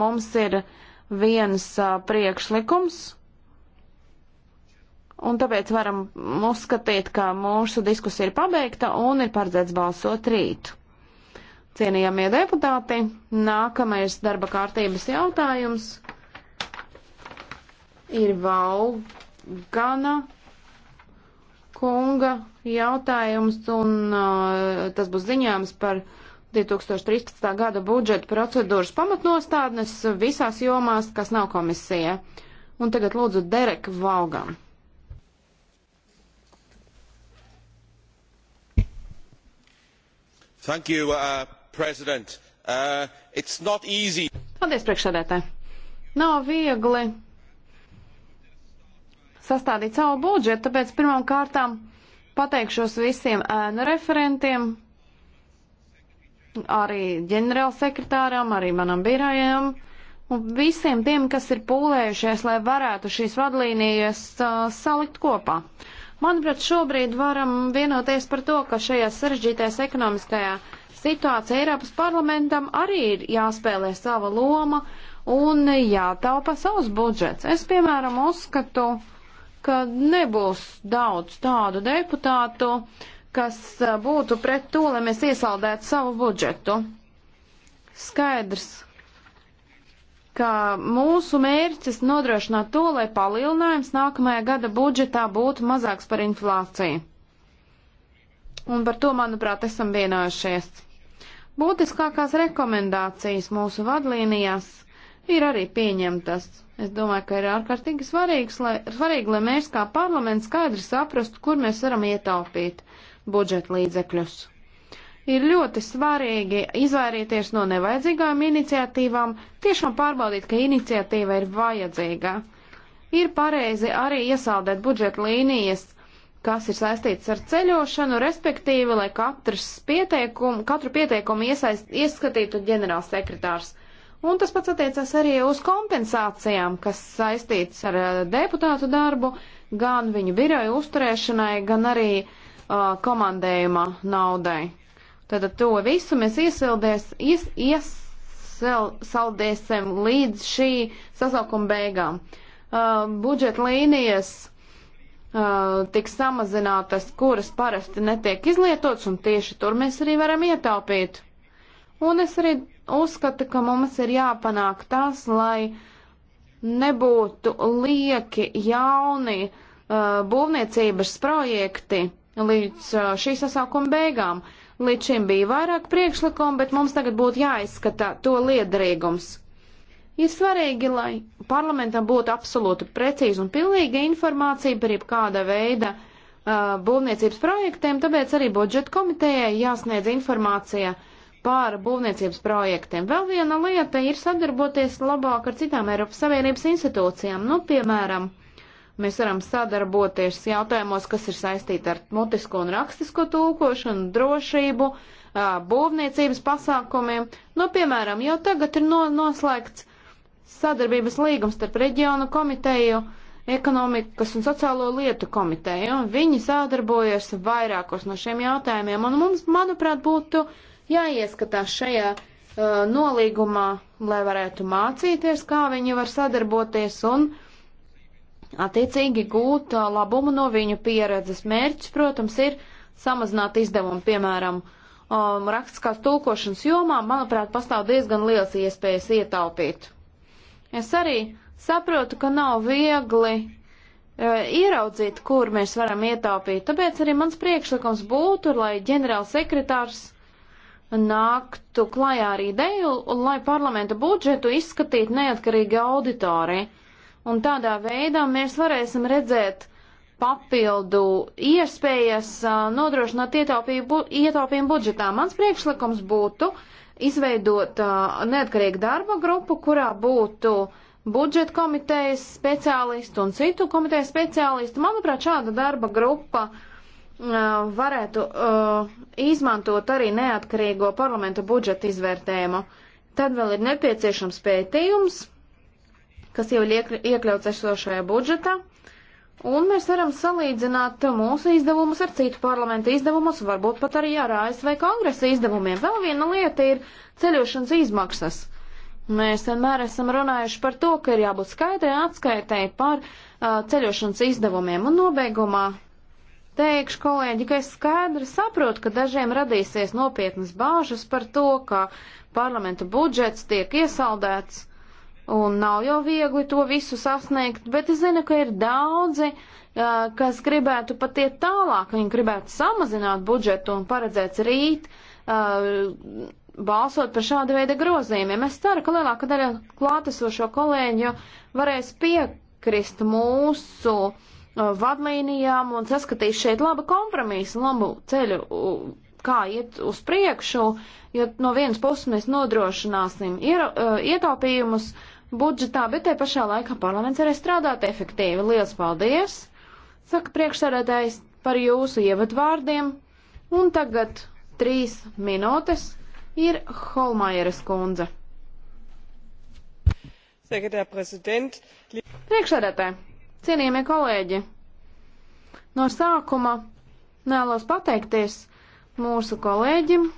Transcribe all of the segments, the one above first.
Mums ir viens uh, priekšlikums, un tāpēc varam uzskatīt, ka mūsu diskusija ir pabeigta un ir paredzēts balsot rīt. Cienījamie deputāti, nākamais darba kārtības jautājums ir Vaugana kunga jautājums, un uh, tas būs ziņojums par 2013. gada budžeta procedūras pamatnostādnes visās jomās, kas nav komisija. Un tagad lūdzu Dereku Vaugam. Thank you, uh, President. Uh, it's not easy. Paldies, priekšsēdētāji. Nav viegli sastādīt savu budžetu, tāpēc pirmām kārtām pateikšos visiem ēnu referentiem, arī ģenerālsekretāram, arī manam birojam un visiem tiem, kas ir pūlējušies, lai varētu šīs vadlīnijas uh, salikt kopā. Manuprāt, šobrīd varam vienoties par to, ka šajā sarežģītajā ekonomiskajā situācijā Eiropas parlamentam arī ir jāspēlē sava loma un jātaupa savs budžets. Es, piemēram, uzskatu, ka nebūs daudz tādu deputātu, uh, kas būtu pret to, lai mēs iesaldētu savu budžetu. Skaidrs, ka mūsu mērķis nodrošināt to, lai palielinājums nākamajā gada budžetā būtu mazāks par inflāciju. Un par to, manuprāt, esam vienojušies. Būtiskākās rekomendācijas mūsu vadlīnijās ir arī pieņemtas. Es domāju, ka ir ārkārtīgi svarīgs, lai, svarīgi, lai mēs kā parlaments skaidri saprastu, kur mēs varam ietaupīt budžeta līdzekļus. Ir ļoti svarīgi izvairīties no nevajadzīgām iniciatīvām, tiešām pārbaudīt, ka iniciatīva ir vajadzīga. Ir pareizi arī iesaldēt budžeta līnijas, kas ir saistīts ar ceļošanu, respektīvi, lai pieteikumu, katru pieteikumu iesaist, ieskatītu ģenerālsekretārs. Un tas pats attiecas arī uz kompensācijām, kas saistīts ar eh, deputātu darbu, gan viņu biroju uzturēšanai, gan arī uh, uh, komandējuma naudai. Tātad to visu mēs iesildies, ies, iesaldēsim līdz šī sasaukuma beigām. Uh, budžeta līnijas uh, tiks samazinātas, kuras parasti netiek izlietotas, un tieši tur mēs arī varam ietaupīt. Un es arī uzskatu, ka mums ir jāpanāk tas, lai nebūtu lieki jauni uh, būvniecības projekti, līdz šī sasaukuma beigām. Līdz šim bija vairāk priekšlikumu, bet mums tagad būtu jāizskata to liederīgums. Ir svarīgi, lai parlamentam būtu absolūti precīza un pilnīga informācija par jebkāda veida uh, būvniecības projektiem, tāpēc arī budžeta komitejai jāsniedz informācija par būvniecības projektiem. Vēl viena lieta ir sadarboties labāk ar citām Eiropas Savienības institūcijām, nu, piemēram, Mēs varam sadarboties jautājumos, kas ir saistīti ar mutisko un rakstisko tūkošanu, drošību, būvniecības pasākumiem. Nu, piemēram, jau tagad ir no, noslēgts sadarbības līgums starp reģionu komiteju, ekonomikas un sociālo lietu komiteju. Viņi sadarbojas vairākos no šiem jautājumiem, un mums, manuprāt, būtu jāieskatās šajā uh, nolīgumā, lai varētu mācīties, kā viņi var sadarboties un uh, attiecīgi gūt uh, labumu no viņu pieredzes. Mērķis, protams, ir samazināt izdevumu, piemēram, um, rakstiskās tulkošanas jomā, manuprāt, pastāv diezgan liels iespējas ietaupīt. Es arī saprotu, ka nav viegli e, ieraudzīt, kur mēs varam ietaupīt, tāpēc arī mans priekšlikums būtu, lai ģenerālsekretārs nāktu klajā ar ideju, lai parlamenta budžetu izskatītu neatkarīgi auditori. Uh, un tādā veidā mēs varēsim redzēt papildu iespējas nodrošināt ietaupījumu budžetā. Mans priekšlikums būtu izveidot neatkarīgu darba grupu, kurā būtu budžeta komitejas speciālisti un citu komitejas speciālisti. Manuprāt, šāda darba grupa varētu izmantot arī neatkarīgo parlamenta budžeta izvērtējumu. Tad vēl ir nepieciešams pētījums, kas jau ir iekļauts esošajā budžetā. Un mēs varam salīdzināt mūsu izdevumus ar citu parlamentu izdevumus, varbūt pat arī ar ASV kongresa izdevumiem. Vēl viena lieta ir ceļošanas izmaksas. Mēs vienmēr esam runājuši par to, ka ir jābūt skaidrai atskaitai par uh, ceļošanas izdevumiem. Un nobeigumā teikšu, kolēģi, ka es skaidri saprotu, ka dažiem radīsies nopietnas bāžas par to, ka parlamenta budžets tiek iesaldēts un nav jau viegli to visu sasniegt, bet es zinu, ka ir daudzi, kas gribētu pat iet tālāk, viņi gribētu samazināt budžetu un paredzēt rīt balsot par šāda veida grozījumiem. Es ceru, ka lielāka daļa klātesošo kolēģu varēs piekrist mūsu vadlīnijām un saskatīs šeit labu kompromisu, labu ceļu kā iet uz priekšu, jo no vienas puses mēs nodrošināsim ietaupījumus, uh, budžetā, bet te pašā laikā parlaments arī strādāt efektīvi. Lielas paldies! Saka priekšsēdētājs par jūsu ievadvārdiem. Un tagad trīs minūtes ir Holmajeres kundze. Priekšsēdētāji, cienījamie kolēģi, no sākuma vēlos pateikties mūsu kolēģim,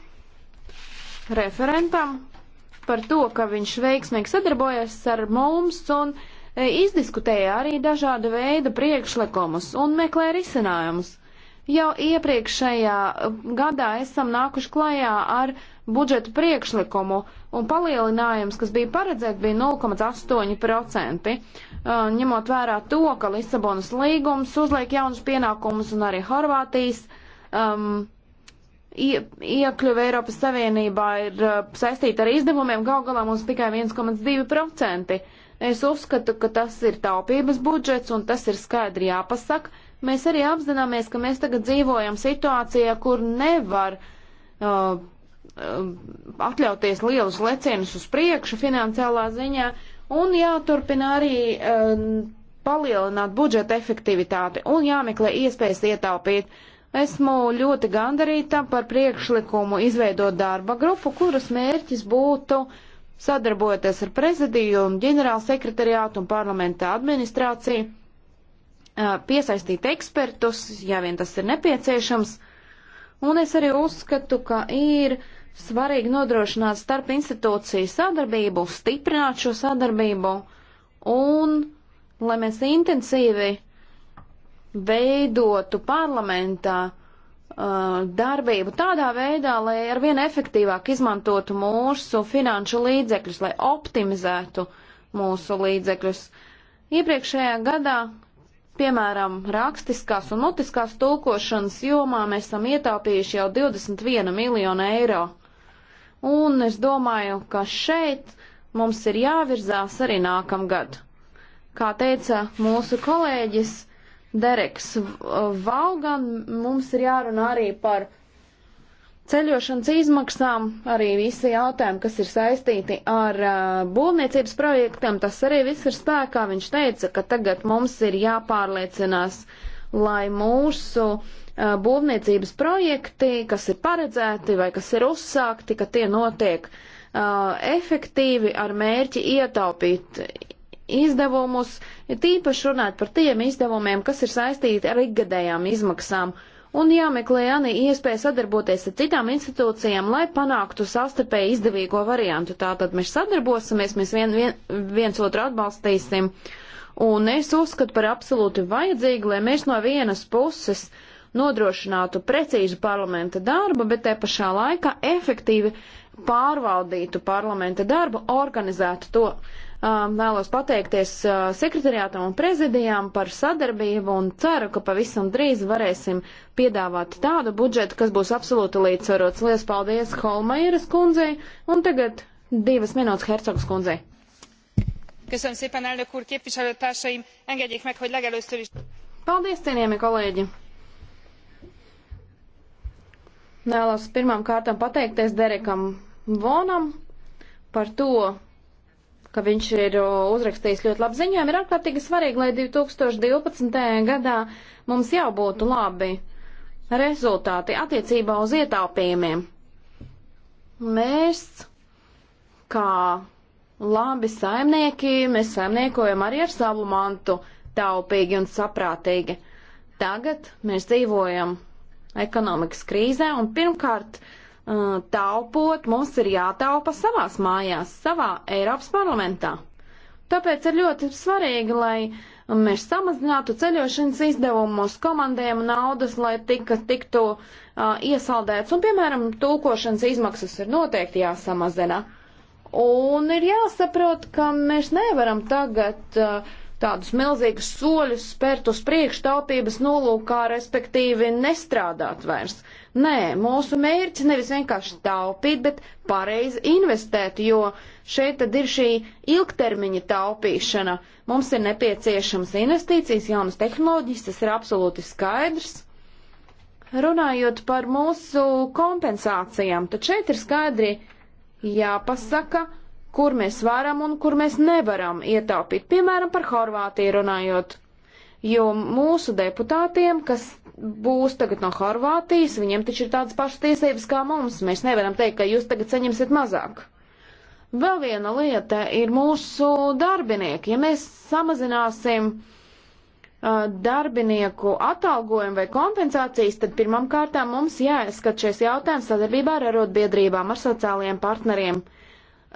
referentam par to, ka viņš veiksmīgi sadarbojas ar mums un e, izdiskutēja arī dažāda veida priekšlikumus un meklē risinājumus. Jau iepriekšējā e, gadā esam nākuši klajā ar budžeta priekšlikumu, un palielinājums, kas bija paredzēts, bija 0,8%. E, ņemot vērā to, ka Lisabonas līgums uzliek jaunus pienākumus un arī Horvātijas um, iekļuva Eiropas Savienībā ir uh, saistīta ar izdevumiem, gal galā mums tikai 1,2%. Es uzskatu, ka tas ir taupības budžets un tas ir skaidri jāpasaka. Mēs arī apzināmies, ka mēs tagad dzīvojam situācijā, kur nevar uh, uh atļauties lielus lecienus uz priekšu finansiālā ziņā un jāturpina arī uh, palielināt budžeta efektivitāti un jāmeklē iespējas ietaupīt. Uh, Esmu ļoti gandarīta par priekšlikumu izveidot darba grupu, kuras mērķis būtu sadarbojoties ar prezidijumu, ģenerāla sekretariātu un parlamenta administrāciju, piesaistīt ekspertus, ja vien tas ir nepieciešams. Un es arī uzskatu, ka ir svarīgi nodrošināt starp institūciju sadarbību, stiprināt šo sadarbību un lai mēs intensīvi veidotu parlamentā uh, darbību tādā veidā, lai arvien efektīvāk izmantotu mūsu finanšu līdzekļus, lai optimizētu mūsu līdzekļus. Iepriekšējā gadā, piemēram, rakstiskās un mutiskās tulkošanas jomā mēs esam ietaupījuši jau 21 miljonu eiro. Un es domāju, ka šeit mums ir jāvirzās arī nākamgad. Kā teica mūsu kolēģis, Dereks Vaugan, mums ir jārunā arī par ceļošanas izmaksām, arī visi jautājumi, kas ir saistīti ar uh, būvniecības projektiem, tas arī viss ir spēkā. Viņš teica, ka tagad mums ir jāpārliecinās, lai mūsu uh, būvniecības projekti, kas ir paredzēti vai kas ir uzsākti, ka tie notiek uh, efektīvi ar mērķi ietaupīt izdevumus, ir tīpaši runāt par tiem izdevumiem, kas ir saistīti ar ikgadējām izmaksām, un jāmeklē arī iespēja sadarboties ar citām institūcijām, lai panāktu savstarpēji izdevīgo variantu. Tātad mēs sadarbosimies, mēs vien, vien, viens otru atbalstīsim, un es uzskatu par absolūti vajadzīgu, lai mēs no vienas puses nodrošinātu precīzu parlamenta darbu, bet te pašā laikā efektīvi pārvaldītu parlamenta darbu, organizētu to Um, vēlos pateikties uh, sekretariātam un prezidijām par sadarbību un ceru, ka pavisam drīz varēsim piedāvāt tādu budžetu, kas būs absolūti līdzsvarots. Lielas paldies Holmairas kundzei un tagad divas minūtes Hercogs kundzei. Köszönöm szépen, elnök úr, képviselőtársaim! Engedjék meg, hogy legelőször is... Paldies, cienījami kolēģi! Vēlos pirmām kārtām pateikties Derekam Vonam par to, ka viņš ir uzrakstījis ļoti labu ziņojumu. Ir ārkārtīgi svarīgi, lai 2012. gadā mums jau būtu labi rezultāti attiecībā uz ietaupījumiem. Mēs, kā labi saimnieki, mēs saimniekojam arī ar savu mantu taupīgi un saprātīgi. Tagad mēs dzīvojam ekonomikas krīzē un pirmkārt, uh, Uh, taupot, mums ir jātaupa savās mājās, savā Eiropas parlamentā. Tāpēc ir ļoti svarīgi, lai mēs samazinātu ceļošanas izdevumus, komandējumu naudas, lai tika, tiktu uh, iesaldēts. Un, piemēram, tulkošanas izmaksas ir noteikti jāsamazina. Un ir jāsaprot, ka mēs nevaram tagad uh, tādus milzīgus soļus spērt uz priekšu tautības nolūkā, respektīvi nestrādāt vairs. Nē, mūsu mērķis nevis vienkārši taupīt, bet pareizi investēt, jo šeit tad ir šī ilgtermiņa taupīšana. Mums ir nepieciešams investīcijas, jaunas tehnoloģijas, tas ir absolūti skaidrs. Runājot par mūsu kompensācijām, tad šeit ir skaidri jāpasaka, kur mēs varam un kur mēs nevaram ietaupīt, piemēram, par Horvātiju runājot. Jo mūsu deputātiem, kas būs tagad no Horvātijas, viņiem taču ir tādas pašas tiesības kā mums. Mēs nevaram teikt, ka jūs tagad saņemsiet mazāk. Vēl viena lieta ir mūsu darbinieki. Ja mēs samazināsim uh, darbinieku atalgojumu vai kompensācijas, tad pirmam kārtām mums jāizskat šis jautājums sadarbībā ar arotbiedrībām, ar sociālajiem partneriem. Uh,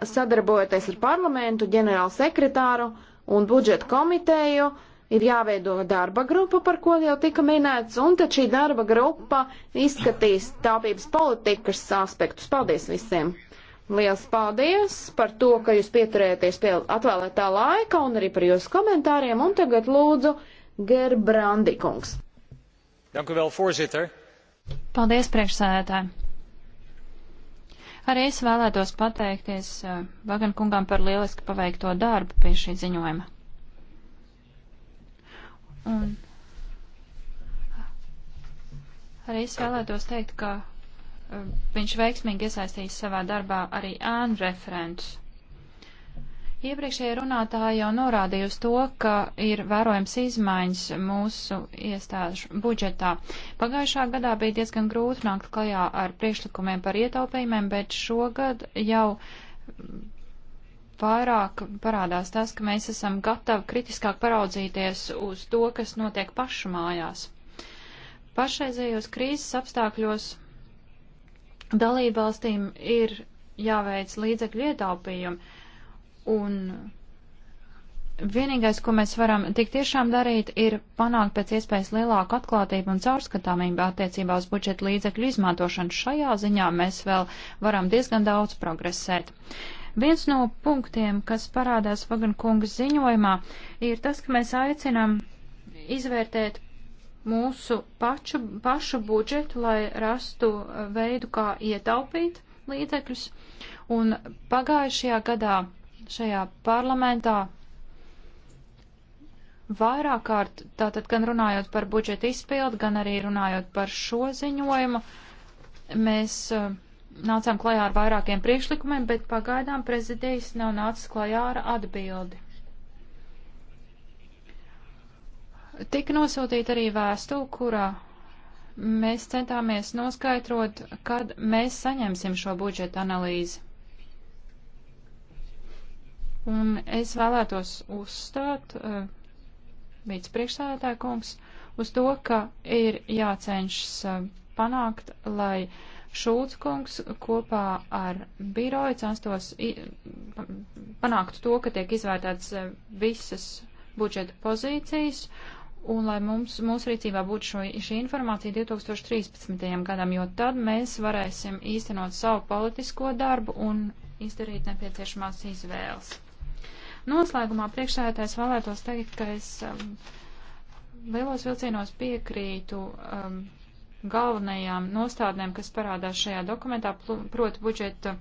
sadarbojoties ar parlamentu, ģenerālu sekretāru un budžeta komiteju, ir jāveido darba grupa, par ko jau tika minēts, un tad šī darba grupa izskatīs tāpības politikas aspektus. Paldies visiem! Liels paldies par to, ka jūs pieturēties pie atvēlētā laika un arī par jūsu komentāriem, un tagad lūdzu Gerbrandi kungs. Dank u wel, voorzitter. Paldies, priekšsēdētāji. Arī es vēlētos pateikties eh, Vagan kungām par lieliski paveikto darbu pie šī ziņojuma. Un arī es vēlētos teikt, ka eh, viņš veiksmīgi iesaistīs savā darbā arī ēnu referentus. Iepriekšējā runātāja jau norādīja uz to, ka ir vērojams izmaiņas mūsu iestāžu budžetā. Pagājušā gadā bija diezgan grūti nākt klajā ar priekšlikumiem par ietaupījumiem, bet šogad jau vairāk parādās tas, ka mēs esam gatavi kritiskāk paraudzīties uz to, kas notiek pašu mājās. Pašreizējos krīzes apstākļos dalībvalstīm ir jāveic līdzekļu ietaupījumi, Un vienīgais, ko mēs varam tik tiešām darīt, ir panākt pēc iespējas lielāku atklātību un caurskatāmību attiecībā uz budžeta līdzekļu izmantošanu. Šajā ziņā mēs vēl varam diezgan daudz progresēt. Viens no punktiem, kas parādās Vagankungas ziņojumā, ir tas, ka mēs aicinām izvērtēt mūsu paču, pašu budžetu, lai rastu veidu, kā ietaupīt līdzekļus. Un pagājušajā gadā šajā parlamentā vairāk kārt, tātad gan runājot par budžeta izpildu, gan arī runājot par šo ziņojumu, mēs uh, nācām klajā ar vairākiem priekšlikumiem, bet pagaidām prezidijas nav nācis klajā ar atbildi. Tika nosūtīta arī vēstule, kurā mēs centāmies noskaidrot, kad mēs saņemsim šo budžeta analīzi. Un es vēlētos uzstāt, uh, eh, līdz priekšsēdētāja kungs, uz to, ka ir jācenšas uh, panākt, lai Šulc kungs kopā ar biroju censtos panākt to, ka tiek izvērtētas uh, eh, visas budžeta pozīcijas un lai mums, mūsu rīcībā būtu šo, šī informācija 2013. gadam, jo tad mēs varēsim īstenot savu politisko darbu un izdarīt nepieciešamās izvēles. Noslēgumā priekšsēdētājs vēlētos teikt, ka es um, lielos vilcienos piekrītu um, galvenajām nostādnēm, kas parādās šajā dokumentā, proti budžeta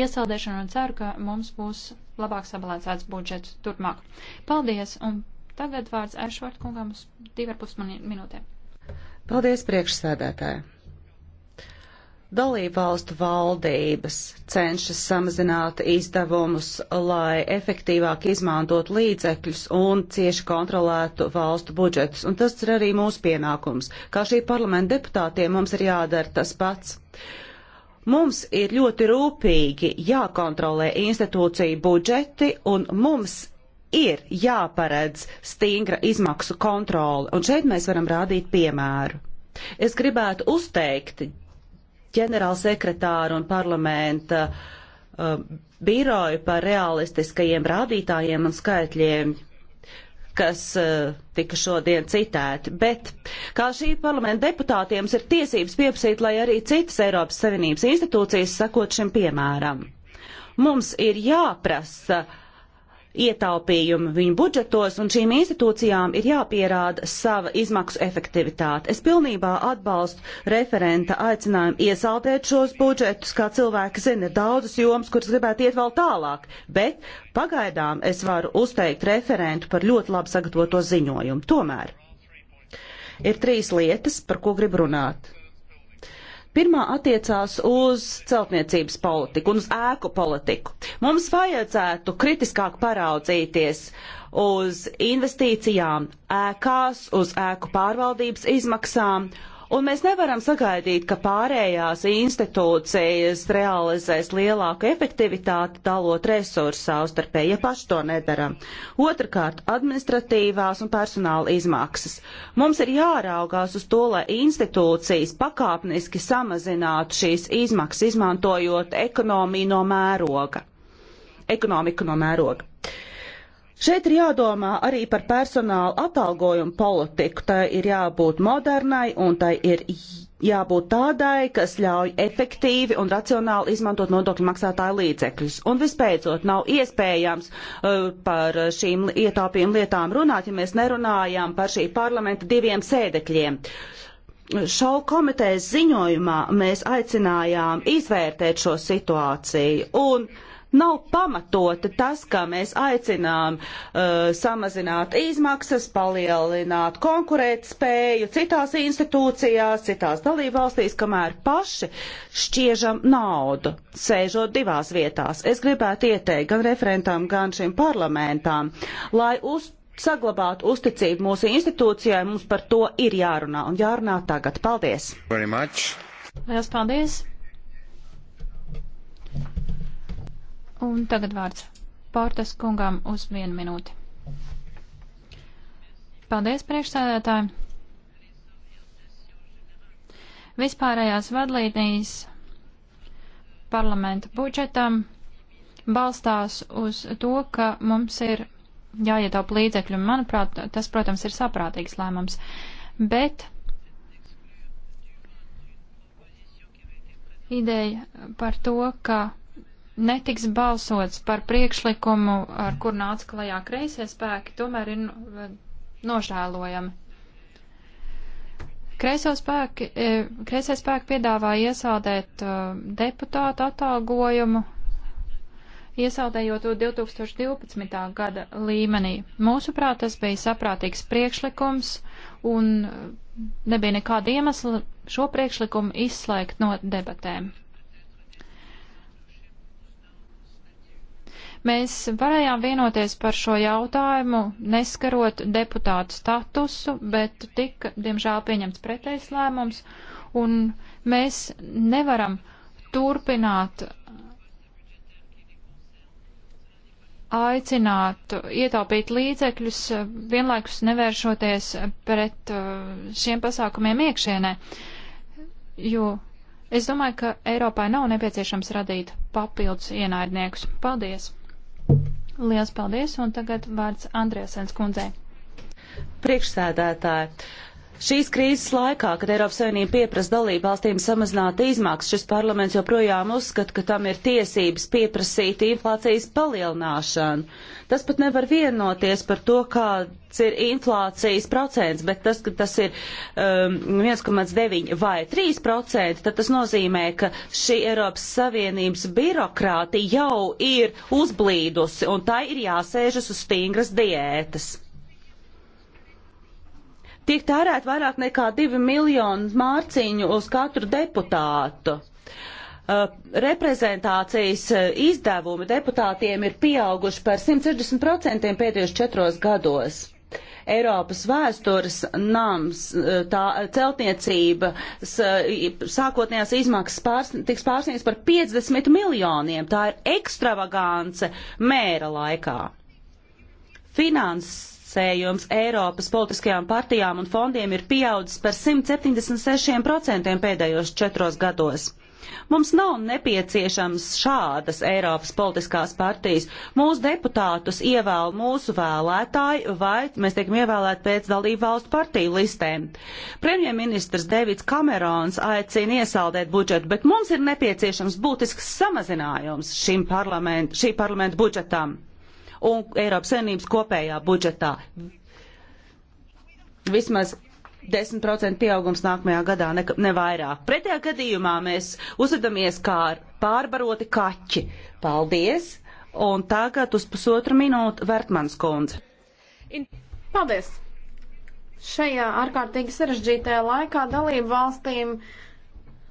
iesaldēšanu un ceru, ka mums būs labāk sabalansēts budžets turpmāk. Paldies! Un tagad vārds Ešvārtkungam uz divarpus minūtēm. Paldies, priekšsēdētāji! Dalībvalstu valdības cenšas samazināt izdevumus, lai efektīvāk izmantot līdzekļus un cieši kontrolētu valstu budžetus. Un tas ir arī mūsu pienākums. Kā šī parlamenta deputātiem mums ir jādara tas pats. Mums ir ļoti rūpīgi jākontrolē institūciju budžeti un mums ir jāparedz stingra izmaksu kontrole, un šeit mēs varam rādīt piemēru. Es gribētu uzteikt ģenerālsekretāru un parlamenta uh, biroju par realistiskajiem rādītājiem un skaitļiem, kas uh, tika šodien citēti. Bet kā šī parlamenta deputātiem ir tiesības pieprasīt, lai arī citas Eiropas Savienības institūcijas sakot šim piemēram. Mums ir jāprasa uh, ietaupījumi viņu budžetos, un šīm institūcijām ir jāpierāda sava izmaksu efektivitāte. Es pilnībā atbalstu referenta aicinājumu iesaldēt šos budžetus, kā cilvēki zina, ir daudzas jomas, kuras gribētu iet vēl tālāk, bet pagaidām es varu uzteikt referentu par ļoti labi sagatavoto ziņojumu. Tomēr ir trīs lietas, par ko gribu runāt. Pirmā attiecās uz celtniecības politiku un uz ēku politiku. Mums vajadzētu kritiskāk paraudzīties uz investīcijām ēkās, uz ēku pārvaldības izmaksām Un mēs nevaram sagaidīt, ka pārējās institūcijas realizēs lielāku efektivitāti, dalot resursus savstarpēji, ja paši to nedaram. Otrakārt, administratīvās un personāla izmaksas. Mums ir jāraugās uz to, lai institūcijas pakāpniski samazinātu šīs izmaksas, izmantojot ekonomiju no mēroga. Ekonomiku no mēroga. Šeit ir jādomā arī par personāla atalgojumu politiku. Tai ir jābūt modernai un tai ir jābūt tādai, kas ļauj efektīvi un racionāli izmantot nodokļu maksātāju līdzekļus. Un vispēcot, nav iespējams uh, par šīm ietaupījumu lietām runāt, ja mēs nerunājam par šī parlamenta diviem sēdekļiem. Šau komitejas ziņojumā mēs aicinājām izvērtēt šo situāciju un uh, Nav pamatota tas, kā mēs aicinām uh, samazināt izmaksas, palielināt konkurēt spēju citās institūcijās, citās dalībvalstīs, kamēr paši šķiežam naudu, sēžot divās vietās. Es gribētu ieteikt gan referentam, gan šim parlamentām, lai uz saglabāt uzticību mūsu institūcijai, mums par to ir jārunā un jārunā tagad. Paldies! Lielas paldies! Un tagad vārds Portas kungām uz vienu minūti. Paldies, priekšsēdētāji! Vispārējās vadlīnijas parlamenta budžetam balstās uz to, ka mums ir jāietaup līdzekļi, un manuprāt, tas, protams, ir saprātīgs lēmums. Bet ideja par to, ka netiks balsots par priekšlikumu, ar kur nāca klajā kreisie spēki, tomēr ir nu, nožēlojami. Kreisie spēki, e, kreisie spēki piedāvā iesaldēt e, deputātu atalgojumu, iesaldējot to 2012. gada līmenī. Mūsuprāt, tas bija saprātīgs priekšlikums un nebija nekāda iemesla šo priekšlikumu izslēgt no debatēm. Mēs varējām vienoties par šo jautājumu, neskarot deputātu statusu, bet tika, diemžēl, pieņemts pretējs lēmums, un mēs nevaram turpināt aicināt ietaupīt līdzekļus, vienlaikus nevēršoties pret uh, šiem pasākumiem iekšienē, jo es domāju, ka Eiropai nav nepieciešams radīt papildus ienaidniekus. Paldies! Liels paldies, un tagad vārds Andriesens kundzei. Priekšsēdētāji. Šīs krīzes laikā, kad Eiropas Savienība pieprasa dalību valstīm samazināt izmaksas, šis parlaments joprojām uzskata, ka tam ir tiesības pieprasīt inflācijas palielināšanu. Tas pat nevar vienoties par to, kāds ir inflācijas procents, bet tas, ka tas ir um, 1,9 vai 3 procenti, tad tas nozīmē, ka šī Eiropas Savienības birokrātija jau ir uzblīdusi un tai ir jāsēžas uz stingras diētas. Tiek tērēt vairāk nekā 2 miljonus mārciņu uz katru deputātu. Uh, reprezentācijas uh, izdevumi deputātiem ir pieauguši par 160% pēdējos četros gados. Eiropas vēstures nams, uh, tā celtniecība, uh, sākotnējās izmaksas pārs, tiks pārsniegts par 50 miljoniem. Tā ir ekstravagance mēra laikā. Finanses finansējums Eiropas politiskajām partijām un fondiem ir pieaudzis par 176% pēdējos četros gados. Mums nav nepieciešams šādas Eiropas politiskās partijas. Mūsu deputātus ievēl mūsu vēlētāji vai mēs tiekam ievēlēti pēc dalību valstu partiju listēm. Premjerministrs Devids Kamerons aicina iesaldēt budžetu, bet mums ir nepieciešams būtisks samazinājums šim parlament, šī parlamenta budžetam un Eiropas Savienības kopējā budžetā. Vismaz 10% pieaugums nākamajā gadā, ne, ne vairāk. Pretējā gadījumā mēs uzvedamies kā pārbaroti kaķi. Paldies! Un tagad uz pusotru minūtu Vertmans kundze. Paldies! Šajā ārkārtīgi sarežģītajā laikā dalību valstīm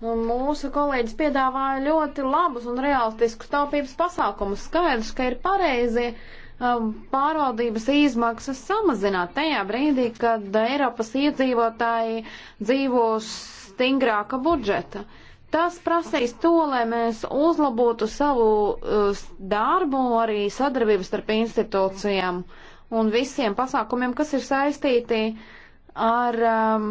mūsu kolēģis piedāvāja ļoti labus un realistiskus taupības pasākumus. Skaidrs, ka ir pareizi Um, pārvaldības izmaksas samazināt tajā brīdī, kad Eiropas iedzīvotāji dzīvo stingrāka budžeta. Tas prasīs to, lai mēs uzlabotu savu uh, darbu, arī sadarbību starp institūcijām un visiem pasākumiem, kas ir saistīti ar um,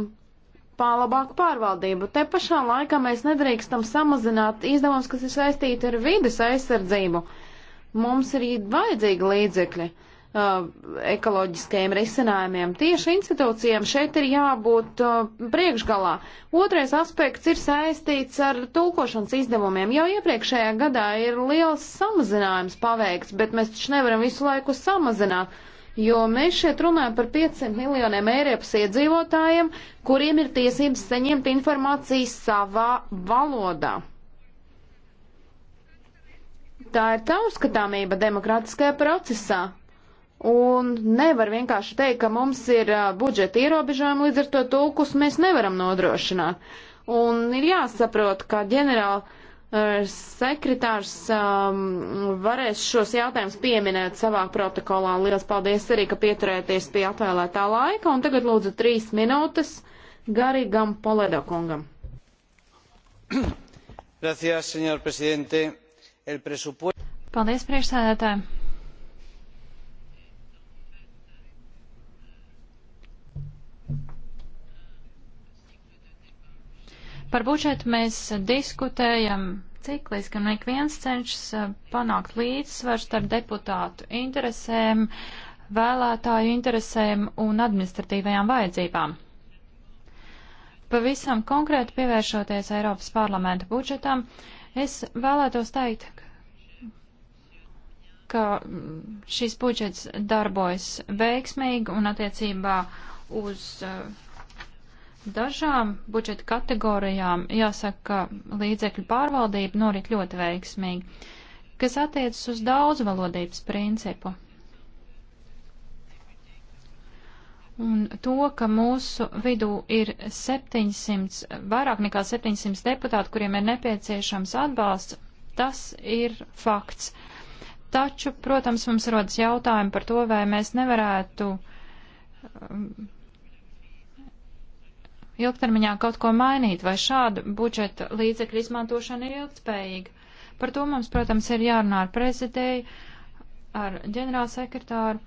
labāku pārvaldību. Te pašā laikā mēs nedrīkstam samazināt izdevumus, kas ir saistīti ar vides aizsardzību. Uh, Mums ir vajadzīgi līdzekļi uh, ekoloģiskajiem risinājumiem. Tieši institūcijām šeit ir jābūt uh, priekšgalā. Otrais aspekts ir saistīts ar tulkošanas izdevumiem. Jau iepriekšējā gadā ir liels samazinājums paveikts, bet mēs taču nevaram visu laiku samazināt. Jo mēs šeit runājam par 500 miljoniem Eiropas iedzīvotājiem, kuriem ir tiesības saņemt informāciju savā valodā. Tā ir caurskatāmība demokrātiskajā procesā. Un nevar vienkārši teikt, ka mums ir budžeta ierobežojumi, līdz ar to tulkus mēs nevaram nodrošināt. Un ir jāsaprot, ka ģenerāla sekretārs um, varēs šos jautājumus pieminēt savā protokolā. Lielas paldies arī, ka pieturēties pie atvēlētā laika. Un tagad lūdzu trīs minūtes garīgam Poledo kungam. Gracias, señor presidente el presupuesto. Paldies, priekšsēdētāji. Par budžetu mēs diskutējam cikliski, un ik viens cenšas eh, panākt līdzsvaru starp deputātu interesēm, vēlētāju interesēm un administratīvajām vajadzībām. Pavisam konkrēti pievēršoties Eiropas parlamenta budžetam, uh, Es vēlētos teikt, ka šis budžets darbojas veiksmīgi un attiecībā uz eh, dažām budžeta kategorijām jāsaka, ka līdzekļu pārvaldība norit ļoti veiksmīgi, kas attiecas uz daudzvalodības principu. Un to, ka mūsu vidū ir 700, vairāk nekā 700 deputāti, kuriem ir nepieciešams atbalsts, tas ir fakts. Taču, protams, mums rodas jautājumi par to, vai mēs nevarētu um, ilgtermiņā kaut ko mainīt, vai šāda budžeta līdzekļa izmantošana ir ilgtspējīga. Par to mums, protams, ir jārunā ar prezidēju, ar ģenerālsekretāru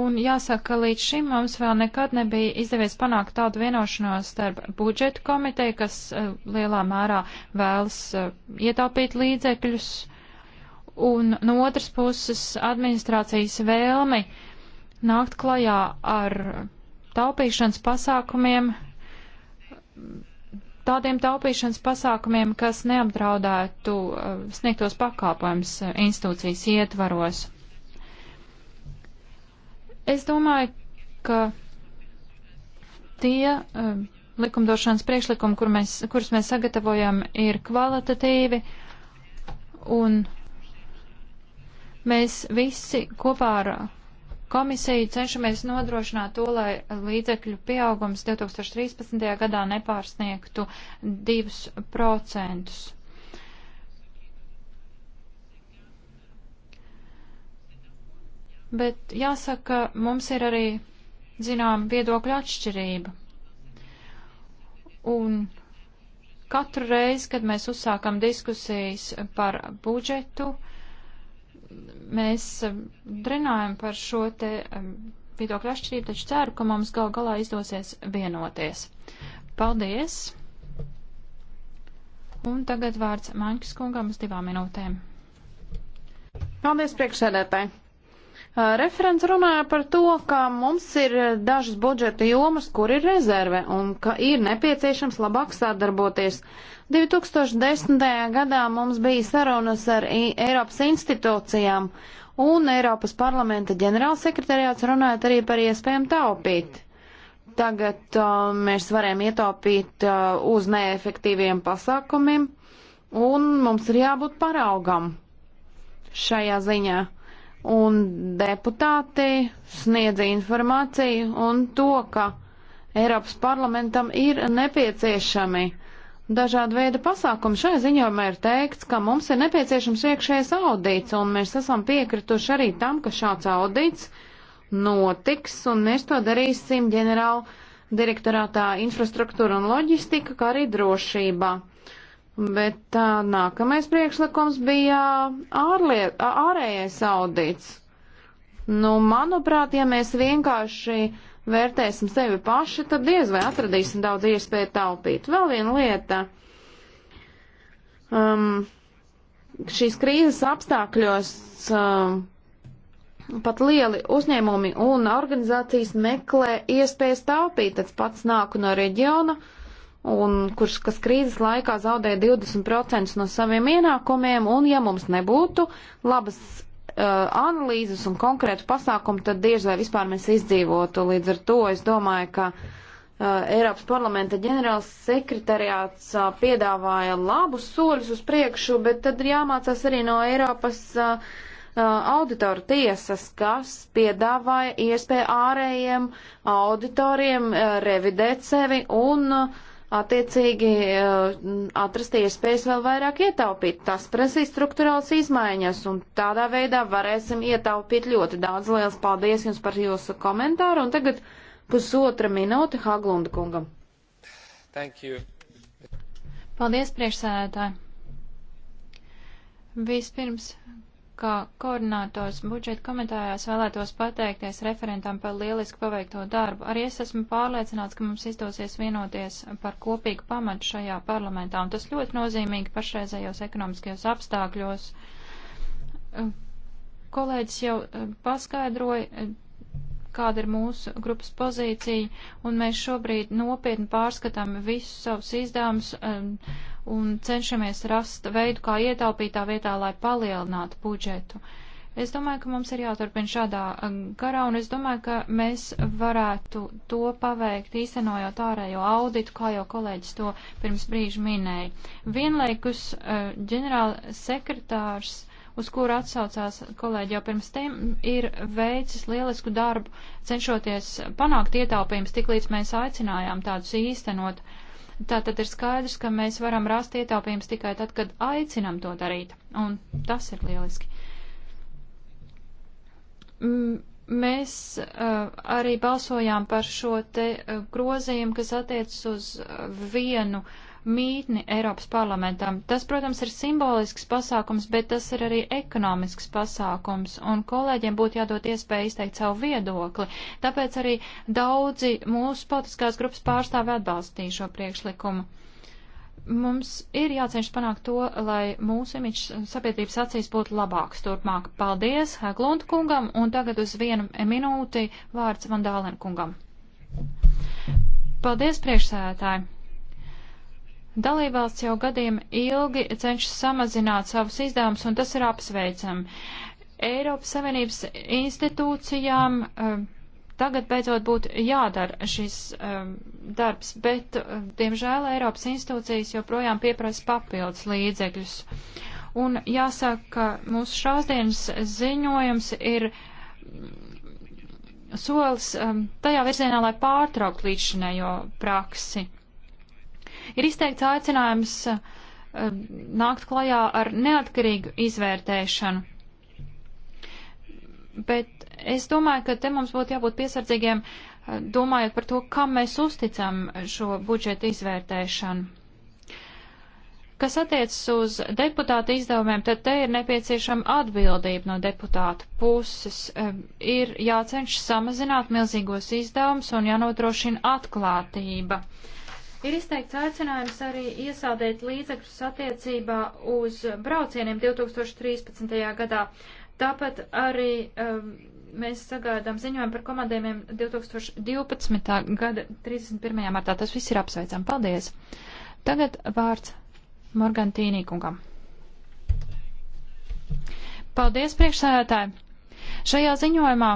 Un jāsaka, ka līdz šim mums vēl nekad nebija izdevies panākt tādu vienošanos starp budžetu komiteju, kas uh, lielā mērā vēlas uh, ietaupīt līdzekļus, un no otras puses administrācijas vēlmi nākt klajā ar taupīšanas pasākumiem, tādiem taupīšanas pasākumiem, kas neapdraudētu uh, sniegtos pakāpojums institūcijas ietvaros. Es domāju, ka tie um, likumdošanas priekšlikumi, kur mēs, kurus mēs sagatavojam, ir kvalitatīvi un mēs visi kopā ar komisiju cenšamies nodrošināt to, lai līdzekļu pieaugums 2013. gadā nepārsniegtu 2%. bet jāsaka, mums ir arī, zinām, viedokļa atšķirība. Un katru reizi, kad mēs uzsākam diskusijas par budžetu, mēs um, drenājam par šo te um, viedokļu atšķirību, taču ceru, ka mums gal galā izdosies vienoties. Paldies! Un tagad vārds Maņķis kungam uz divām minūtēm. Paldies priekšsēdētāji! Referents runāja par to, ka mums ir dažas budžeta jomas, kur ir rezerve un ka ir nepieciešams labāk sadarboties. 2010. gadā mums bija sarunas ar Eiropas institūcijām un Eiropas parlamenta ģenerālsekretariāts runājot arī par iespējām taupīt. Tagad uh, mēs varējām ietaupīt uh, uz neefektīviem pasākumiem, un mums ir jābūt paraugam šajā ziņā un deputāti sniedza informāciju un to, ka Eiropas parlamentam ir nepieciešami dažādi veidi pasākumi. Šajā ziņojumā ir teikts, ka mums ir nepieciešams iekšējais audīts, un mēs esam piekrituši arī tam, ka šāds audīts notiks, un mēs to darīsim ģenerāla direktorātā infrastruktūra un loģistika, kā arī drošībā. Bet tā, nākamais priekšlikums bija ārlie, ārējais audits. Nu, manuprāt, ja mēs vienkārši vērtēsim sevi paši, tad diez vai atradīsim daudz iespēju taupīt. Vēl viena lieta. Um, šīs krīzes apstākļos um, pat lieli uzņēmumi un organizācijas meklē iespējas taupīt, tad pats nāku no reģiona. Uh, un kurš, kas krīzes laikā zaudēja 20% no saviem ienākumiem, un ja mums nebūtu labas uh, analīzes un konkrētu pasākumu, tad diez vai vispār mēs izdzīvotu. Līdz ar to es domāju, ka uh, Eiropas parlamenta ģenerāls sekretariāts uh, piedāvāja labus soļus uz priekšu, bet tad ir jāmācās arī no Eiropas uh, uh auditoru tiesas, kas piedāvāja iespēju ārējiem auditoriem uh, revidēt sevi un uh, attiecīgi eh, atrast iespējas vēl vairāk ietaupīt. Tas prasīs struktūrāls izmaiņas, un tādā veidā varēsim ietaupīt ļoti daudz. Liels paldies jums par jūsu komentāru, un tagad pusotra minūte Haglunda kungam. Thank you. Paldies, priekšsēdētāji. Vispirms kā koordinators budžeta komitējās vēlētos pateikties referentam par lieliski paveikto darbu. Arī es esmu pārliecināts, ka mums izdosies vienoties par kopīgu pamatu šajā parlamentā, un tas ļoti nozīmīgi pašreizējos ekonomiskajos apstākļos. Uh, kolēģis jau uh, paskaidroja, uh, kāda ir mūsu grupas pozīcija, un mēs šobrīd nopietni pārskatām visus savus izdevumus. Um, un cenšamies rast veidu, kā ietaupīt tā vietā, lai palielinātu budžetu. Es domāju, ka mums ir jāturpina šādā eh, garā, un es domāju, ka mēs varētu to paveikt, īstenojot ārējo auditu, kā jau kolēģis to pirms brīža minēja. Vienlaikus eh, ģenerāla sekretārs uz kuru atsaucās kolēģi jau pirms tiem, ir veicis lielisku darbu, cenšoties panākt ietaupījums, tik līdz mēs aicinājām tādus īstenot. Uh, Tā tad ir skaidrs, ka mēs varam rast ietaupījums tikai tad, kad aicinam to darīt. Un tas ir lieliski. M mēs uh, arī balsojām par šo te uh, grozījumu, kas attiecas uz uh, vienu uh, mītni Eiropas parlamentam. Tas, protams, ir simbolisks pasākums, bet tas ir arī ekonomisks pasākums, un kolēģiem būtu jādod iespēja izteikt savu viedokli. Tāpēc arī daudzi mūsu politiskās grupas pārstāvi atbalstīja šo priekšlikumu. Mums ir jācenšas panākt to, lai mūsu imiķis sabiedrības acīs būtu labāks turpmāk. Paldies Glunta kungam, un tagad uz vienu minūti vārds Vandālen kungam. Paldies priekšsēdētāji! Dalībvalsts jau gadiem ilgi cenšas samazināt savus izdevumus, un tas ir apsveicami. Eiropas Savienības institūcijām eh, tagad beidzot būtu jādara šis eh, darbs, bet, eh, diemžēl, Eiropas institūcijas joprojām pieprasa papildus līdzekļus. Un jāsaka, ka mūsu šāsdienas ziņojums ir mm, solis tajā virzienā, lai pārtraukt līdzinējo praksi. Ir izteikts aicinājums eh, nākt klajā ar neatkarīgu izvērtēšanu. Bet es domāju, ka te mums būtu jābūt piesardzīgiem, eh, domājot par to, kam mēs uzticam šo budžetu izvērtēšanu. Kas attiecas uz deputāta izdevumiem, tad te ir nepieciešama atbildība no deputāta puses. Eh, ir jācenšas samazināt milzīgos izdevumus un jānodrošina atklātība. Uh, Ir izteikts aicinājums arī iesaldēt līdzekļus attiecībā uz braucieniem 2013. gadā. Tāpat arī um, mēs sagaidām ziņojumu par komandējumiem 2012. gada 31. martā. Tas viss ir apsveicam. Paldies! Tagad vārds Morgantīnī kungam. Paldies, priekšsēdētāji! Šajā ziņojumā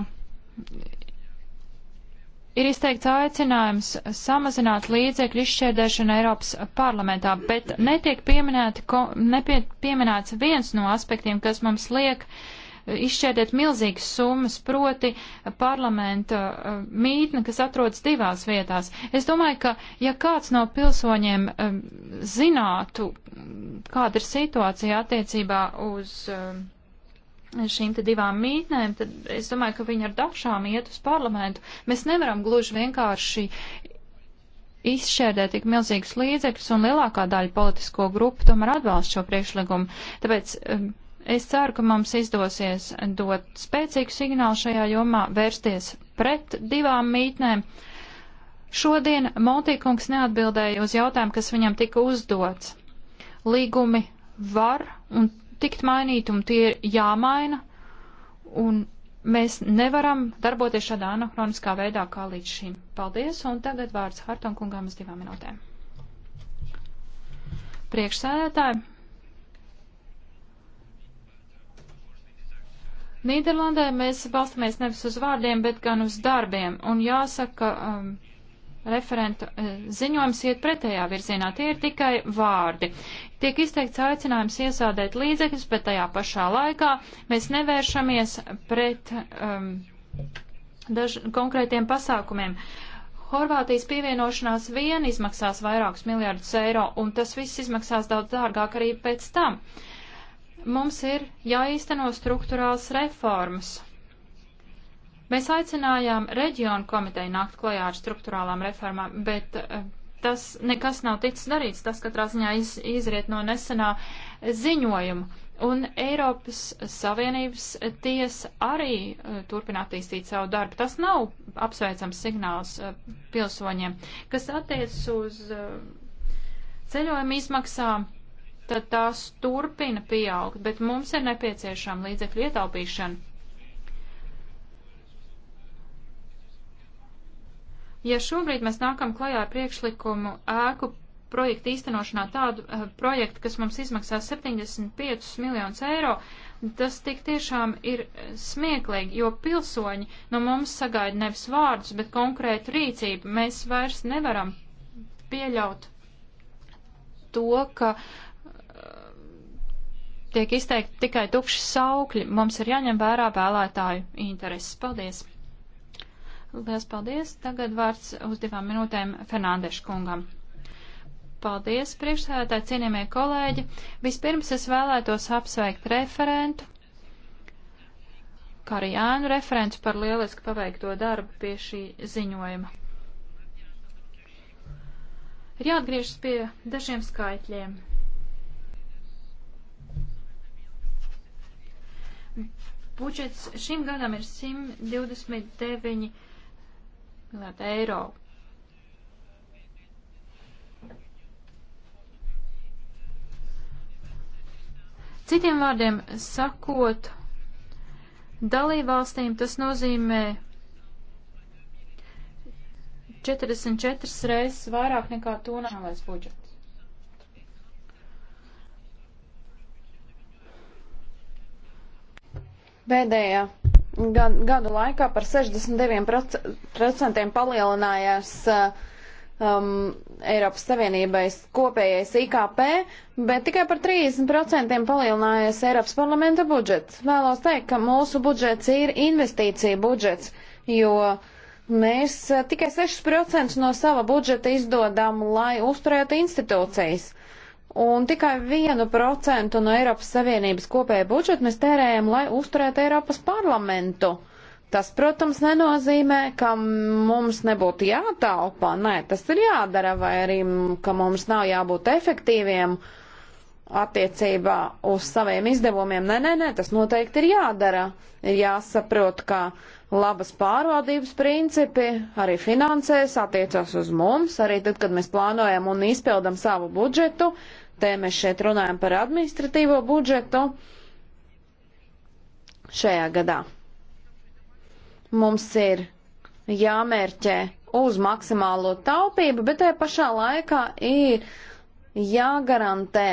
ir izteikts aicinājums samazināt līdzekļu izšķērdēšanu Eiropas parlamentā, bet netiek nepie, pieminēts viens no aspektiem, kas mums liek eh, izšķērdēt milzīgas summas, proti eh, parlamenta eh, mītne, kas atrodas divās vietās. Es domāju, ka ja kāds no pilsoņiem zinātu, kāda ir situācija attiecībā uz šīm te divām mītnēm, tad es domāju, ka viņi ar dakšām iet uz parlamentu. Mēs nevaram gluži vienkārši izšķērdē tik milzīgas līdzekļus, un lielākā daļa politisko grupu tomēr atbalsta šo priekšlikumu. Tāpēc um, es ceru, ka mums izdosies dot spēcīgu signālu šajā jomā, vērsties pret divām mītnēm. Šodien Montīkungs neatbildēja uz jautājumu, kas viņam tika uzdots. Līgumi var un tikt mainīti un tie ir jāmaina. Un mēs nevaram darboties šādā anahroniskā veidā kā līdz šim. Paldies, un tagad vārds Hartonkungam uz divām minūtēm. Priekšsēdētāji. Nīderlandē mēs balstamies nevis uz vārdiem, bet gan uz darbiem, un jāsaka, um, referentu eh, ziņojums iet pretējā virzienā. Tie ir tikai vārdi. Tiek izteikts aicinājums iesādēt līdzekļus, bet tajā pašā laikā mēs nevēršamies pret um, daž, konkrētiem pasākumiem. Horvātijas pievienošanās vien izmaksās vairākus miljārdus eiro, un tas viss izmaksās daudz dārgāk arī pēc tam. Mums ir jāīsteno struktūrāls reformas, Mēs aicinājām reģionu komiteju nākt klajā ar struktūrālām reformām, bet eh, tas nekas nav ticis darīts. Tas katrā ziņā iz, izriet no nesenā ziņojuma. Un Eiropas Savienības tiesa arī eh, turpina attīstīt savu darbu. Tas nav apsveicams signāls eh, pilsoņiem, kas attiec uz ceļojuma izmaksām tad tās turpina pieaugt, bet mums ir nepieciešama līdzekļu ietaupīšana. Ja šobrīd mēs nākam klajā ar priekšlikumu ēku projektu īstenošanā tādu uh, projektu, kas mums izmaksās 75 miljonus eiro, tas tik tiešām ir eh, smieklīgi, jo pilsoņi no mums sagaida nevis vārdus, bet konkrētu rīcību. Mēs vairs nevaram pieļaut to, ka uh, tiek izteikti tikai tukši saukļi. Mums ir jāņem vērā vēlētāju intereses. Paldies! Lielas paldies. Tagad vārds uz divām minūtēm Fernandeša kungam. Paldies, priekšsēdētāji, cienījamie kolēģi. Vispirms es vēlētos apsveikt referentu, kā arī Jānu referentu par lieliski paveikto darbu pie šī ziņojuma. Ir jāatgriežas pie dažiem skaitļiem. Budžets šim gadam ir 129 miljārdu eiro. Citiem vārdiem sakot, dalībvalstīm tas nozīmē 44 reizes vairāk nekā to nacionālais budžets. Pēdējā gan, gadu laikā par 69% palielinājās uh, um, Eiropas Savienības kopējais IKP, bet tikai par 30% palielinājies Eiropas parlamenta budžets. Vēlos teikt, ka mūsu budžets ir investīcija budžets, jo mēs uh, tikai 6% no sava budžeta izdodam, lai uzturētu institūcijas. Un tikai vienu procentu no Eiropas Savienības kopēja budžeta mēs tērējam, lai uzturētu Eiropas parlamentu. Tas, protams, nenozīmē, ka mums nebūtu jātaupa, nē, tas ir jādara, vai arī, ka mums nav jābūt efektīviem attiecībā uz saviem izdevumiem. Nē, nē, nē, tas noteikti ir jādara. Ir jāsaprot, ka labas pārvaldības principi arī finansēs attiecas uz mums, arī tad, kad mēs plānojam un izpildam savu budžetu, Te mēs šeit runājam par administratīvo budžetu šajā gadā. Mums ir jāmērķē uz maksimālo taupību, bet tajā pašā laikā ir jāgarantē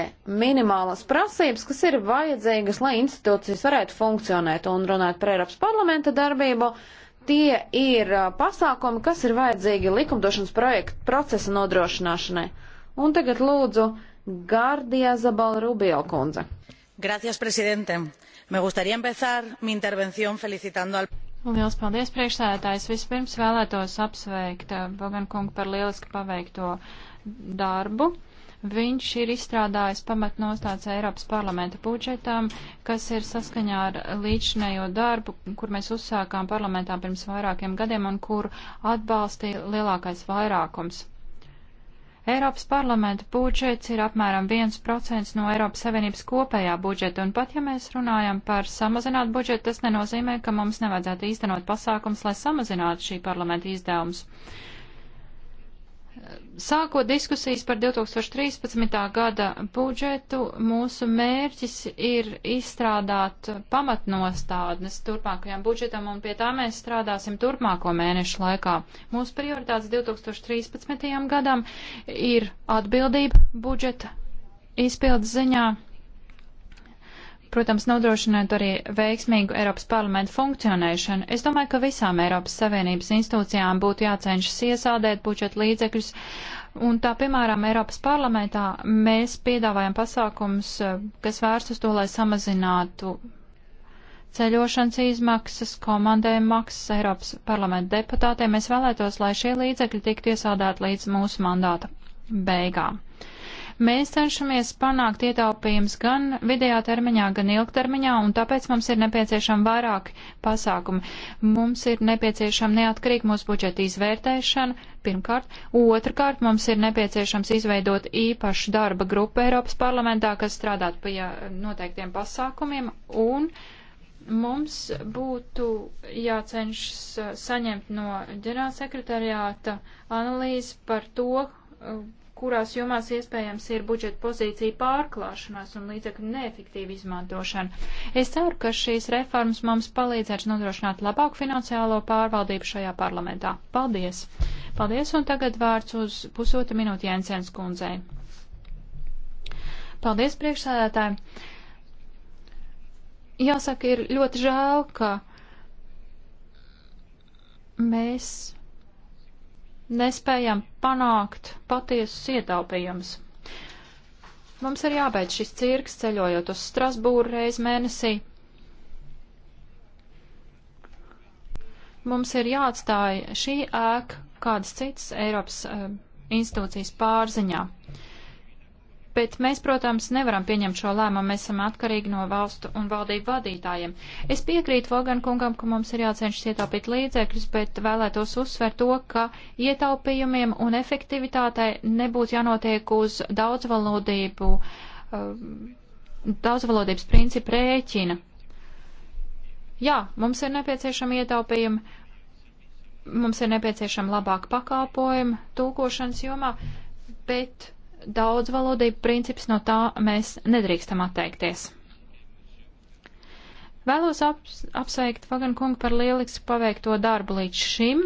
minimālas prasības, kas ir vajadzīgas, lai institūcijas varētu funkcionēt un runāt par Eiropas parlamenta darbību. Tie ir pasākumi, kas ir vajadzīgi likumdošanas projektu procesa nodrošināšanai. Un tagad lūdzu Gardija Zabala Rubiel kundze. Gracias, prezidente. Me gustaría empezar mi intervención felicitando al. Liels paldies, priekšsēdētājs. Vispirms vēlētos apsveikt eh, Bogan kungu par lieliski paveikto darbu. Viņš ir izstrādājis pamatnostāts Eiropas parlamenta budžetam, kas ir saskaņā ar līdzinējo darbu, kur mēs uzsākām parlamentā pirms vairākiem gadiem un kur atbalstīja lielākais vairākums. Eiropas parlamenta budžets ir apmēram 1% no Eiropas Savienības kopējā budžeta, un pat ja mēs runājam par samazināt budžetu, tas nenozīmē, ka mums nevajadzētu īstenot pasākums, lai samazinātu šī parlamenta izdevumus sākot diskusijas par 2013. gada budžetu, mūsu mērķis ir izstrādāt pamatnostādnes turpmākajam budžetam, un pie tā mēs strādāsim turpmāko mēnešu laikā. Mūsu prioritātes 2013. gadam ir atbildība budžeta izpildes ziņā protams, nodrošinot arī veiksmīgu Eiropas parlamentu funkcionēšanu. Es domāju, ka visām Eiropas Savienības institūcijām būtu jācenšas iesādēt budžeta līdzekļus. Un tā, piemēram, Eiropas parlamentā mēs piedāvājam pasākums, eh, kas vērst uz to, lai samazinātu ceļošanas izmaksas, komandējuma maksas Eiropas parlamenta deputātiem. Mēs vēlētos, lai šie līdzekļi tiktu iesādēti līdz mūsu mandāta beigām. Mēs cenšamies panākt ietaupījums gan vidējā termiņā, gan ilgtermiņā, un tāpēc mums ir nepieciešama vairāk pasākumu. Mums ir nepieciešama neatkarīga mūsu budžeta izvērtēšana, pirmkārt. Otrkārt, mums ir nepieciešams izveidot īpašu darba grupu Eiropas parlamentā, kas strādātu pie noteiktiem pasākumiem, un mums būtu jācenšas uh, saņemt no ģenerālsekretariāta analīzi par to, uh, kurās jomās iespējams ir budžeta pozīcija pārklāšanās un līdzekļu neefektīva izmantošana. Es ceru, ka šīs reformas mums palīdzēs nodrošināt labāku finansiālo pārvaldību šajā parlamentā. Paldies! Paldies, un tagad vārds uz pusotra minūte Jensens kundzei. Paldies, priekšsēdētāji! Jāsaka, ir ļoti žēl, ka mēs nespējam panākt patiesus ietaupījumus. Mums ir jābeidz šis cirks ceļojot uz Strasbūru reiz mēnesī. Mums ir jāatstāja šī ēka kādas citas Eiropas uh, institūcijas pārziņā. Uh, bet mēs, protams, nevaram pieņemt šo lēmumu, mēs esam atkarīgi no valstu un valdību vadītājiem. Es piekrītu Vogan kungam, ka mums ir jācenšas ietaupīt līdzekļus, bet vēlētos uzsvērt to, ka ietaupījumiem un efektivitātei nebūtu jānotiek uz daudzvalodību, um, daudzvalodības principu rēķina. Jā, mums ir nepieciešami ietaupījumi, mums ir nepieciešama labāka pakalpojuma tūkošanas jomā, bet daudzvalodība princips, no tā mēs nedrīkstam atteikties. Vēlos aps, apsveikt Vaganu kungu par lielisku paveikto darbu līdz šim.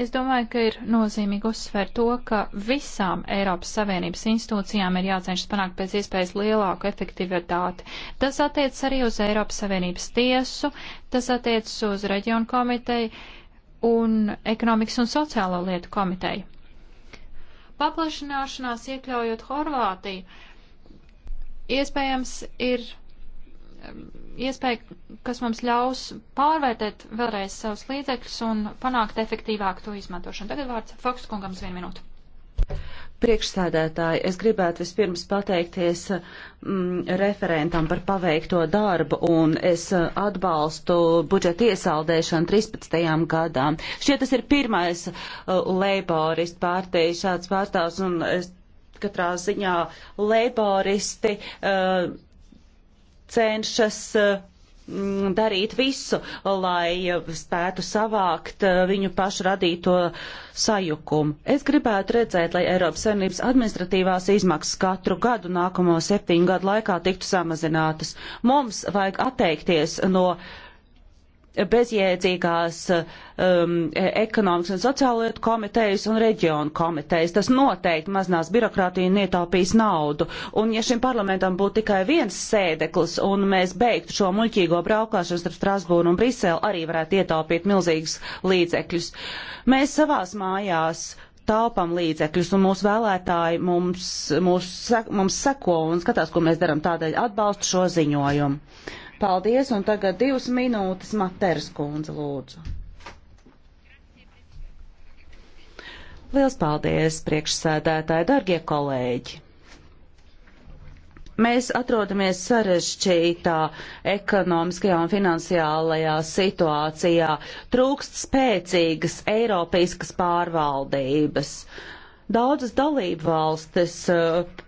Es domāju, ka ir nozīmīgi uzsvērt to, ka visām Eiropas Savienības institūcijām ir jācenšas panākt pēc iespējas lielāku efektivitāti. Tas attiec arī uz Eiropas Savienības tiesu, tas attiec uz reģionu komiteju, un ekonomikas un sociālo lietu komiteju. Paplašināšanās iekļaujot Horvātiju, iespējams ir um, iespēja, kas mums ļaus pārvērtēt vēlreiz savus līdzekļus un panākt efektīvāku to izmantošanu. Tagad vārds Fokskungam uz vienu minūtu. Priekšsēdētāji, es gribētu vispirms pateikties mm, referentam par paveikto darbu un es eh, atbalstu budžeta iesaldēšanu 13. gadām. Šķiet, tas ir pirmais uh, leiboristu pārtīs šāds pārstāvs un es katrā ziņā leiboristi uh, cenšas. Uh, Mm, darīt visu, lai eh, spētu savākt eh, viņu pašu radīto sajukumu. Es gribētu redzēt, lai Eiropas Savienības administratīvās izmaksas katru gadu nākamo septiņu gadu laikā tiktu samazinātas. Mums vajag atteikties no uh, bezjēdzīgās um, e, ekonomikas un sociālo lietu komitejas un reģionu komitejas. Tas noteikti mazinās birokrātiju un ietaupīs naudu. Un ja šim parlamentam būtu tikai viens sēdeklis un mēs beigtu šo muļķīgo braukāšanu starp Strasbūru un Briseli, arī varētu ietaupīt milzīgus līdzekļus. Mēs savās mājās taupam līdzekļus, un mūsu vēlētāji mums, mūs, mums seko un skatās, ko mēs darām. Tādēļ atbalstu šo ziņojumu. Paldies, un tagad divas minūtes Materas kundze lūdzu. Liels paldies, priekšsēdētāji, dargie kolēģi! Mēs atrodamies sarežģītā ekonomiskajā un finansiālajā situācijā. Trūkst spēcīgas eiropeiskas pārvaldības. Daudzas dalību valstis uh,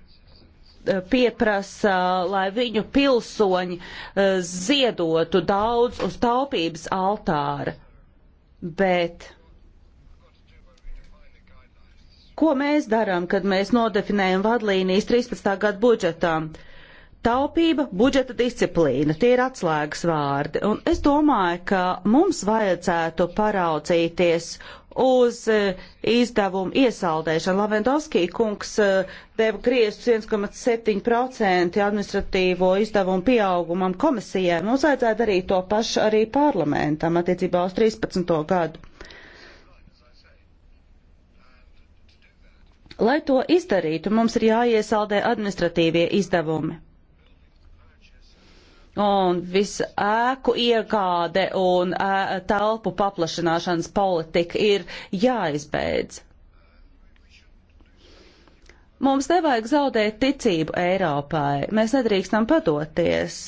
Eh, pieprasa, lai viņu pilsoņi eh, ziedotu daudz uz taupības altāra. Bet ko mēs darām, kad mēs nodefinējam vadlīnijas 13. gadu budžetām? Taupība, budžeta disciplīna, tie ir atslēgas vārdi. Un es domāju, ka mums vajadzētu paraudzīties uz e, izdevumu iesaldēšanu. Lavendovskī kungs e, deva griestus 1,7% administratīvo izdevumu pieaugumam komisijai. Mums vajadzētu darīt to pašu arī parlamentam attiecībā uz 13. gadu. Lai to izdarītu, mums ir jāiesaldē administratīvie izdevumi un visa ēku iegāde un ē, telpu paplašināšanas politika ir jāizbeidz. Mums nevajag zaudēt ticību Eiropai. Mēs nedrīkstam padoties.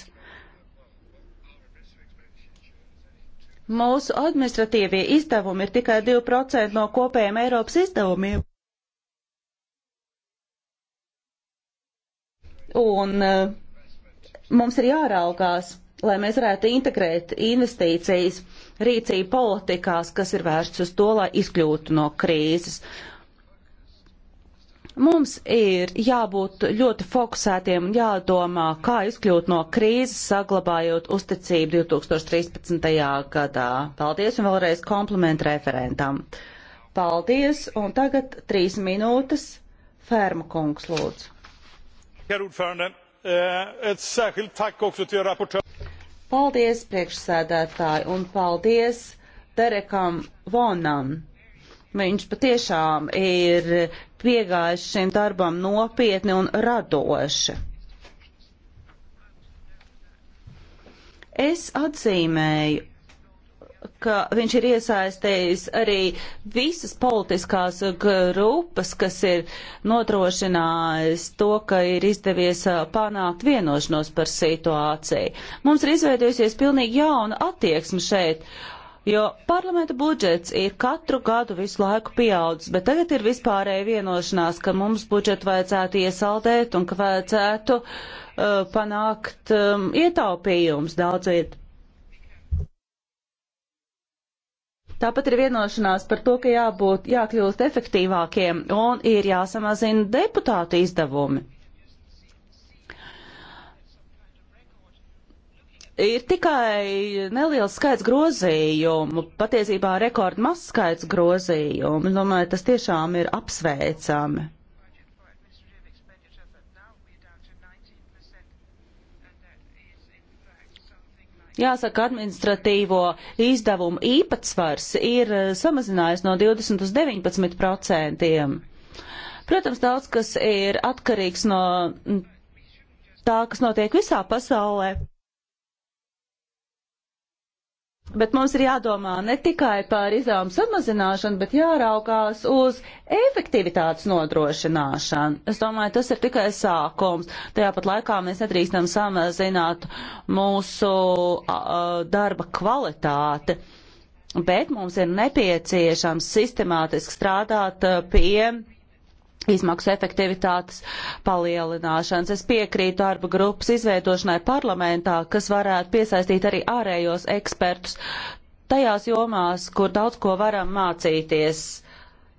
Mūsu administratīvie izdevumi ir tikai 2% no kopējiem Eiropas izdevumiem. Un uh, mums ir jāraugās, lai mēs varētu integrēt investīcijas rīcību politikās, kas ir vērsts uz to, lai izkļūtu no krīzes. Mums ir jābūt ļoti fokusētiem un jādomā, kā izkļūt no krīzes, saglabājot uzticību 2013. gadā. Paldies un vēlreiz komplimentu referentam. Paldies, un tagad trīs minūtes Ferma kungs lūdzu. Herr Utfārne, Eh, ett särskilt tack också till rapportören. Paldies priekšsēdētāji un paldies Derekam Vonam. Viņš patiešām ir piegājis šim darbam nopietni un radoši. Es atzīmēju ka viņš ir iesaistījis arī visas politiskās grupas, kas ir notrošinājis to, ka ir izdevies panākt vienošanos par situāciju. Mums ir izveidojusies pilnīgi jauna attieksme šeit. Jo parlamenta budžets ir katru gadu visu laiku pieaudzis, bet tagad ir vispārēja vienošanās, ka mums budžetu vajadzētu iesaldēt un ka vajadzētu uh, panākt um, ietaupījums daudz vietu Tāpat ir vienošanās par to, ka jābūt, jākļūst efektīvākiem un ir jāsamazina deputātu izdevumi. Ir tikai neliels skaits grozījumu, patiesībā rekordmazs skaits grozījumu. Domāju, tas tiešām ir apsveicami. Jāsaka, administratīvo izdevumu īpatsvars ir eh, samazinājies no 20 uz 19 procentiem. Protams, daudz kas ir atkarīgs no mm, tā, kas notiek visā pasaulē. Bet mums ir jādomā ne tikai par izdevumu samazināšanu, bet jāraukās uz efektivitātes nodrošināšanu. Es domāju, tas ir tikai sākums. Tajāpat laikā mēs nedrīkstam samazināt mūsu uh, darba kvalitāti. Bet mums ir nepieciešams sistemātiski strādāt pie izmaksu efektivitātes palielināšanas. Es piekrītu darba grupas izveidošanai parlamentā, kas varētu piesaistīt arī ārējos ekspertus tajās jomās, kur daudz ko varam mācīties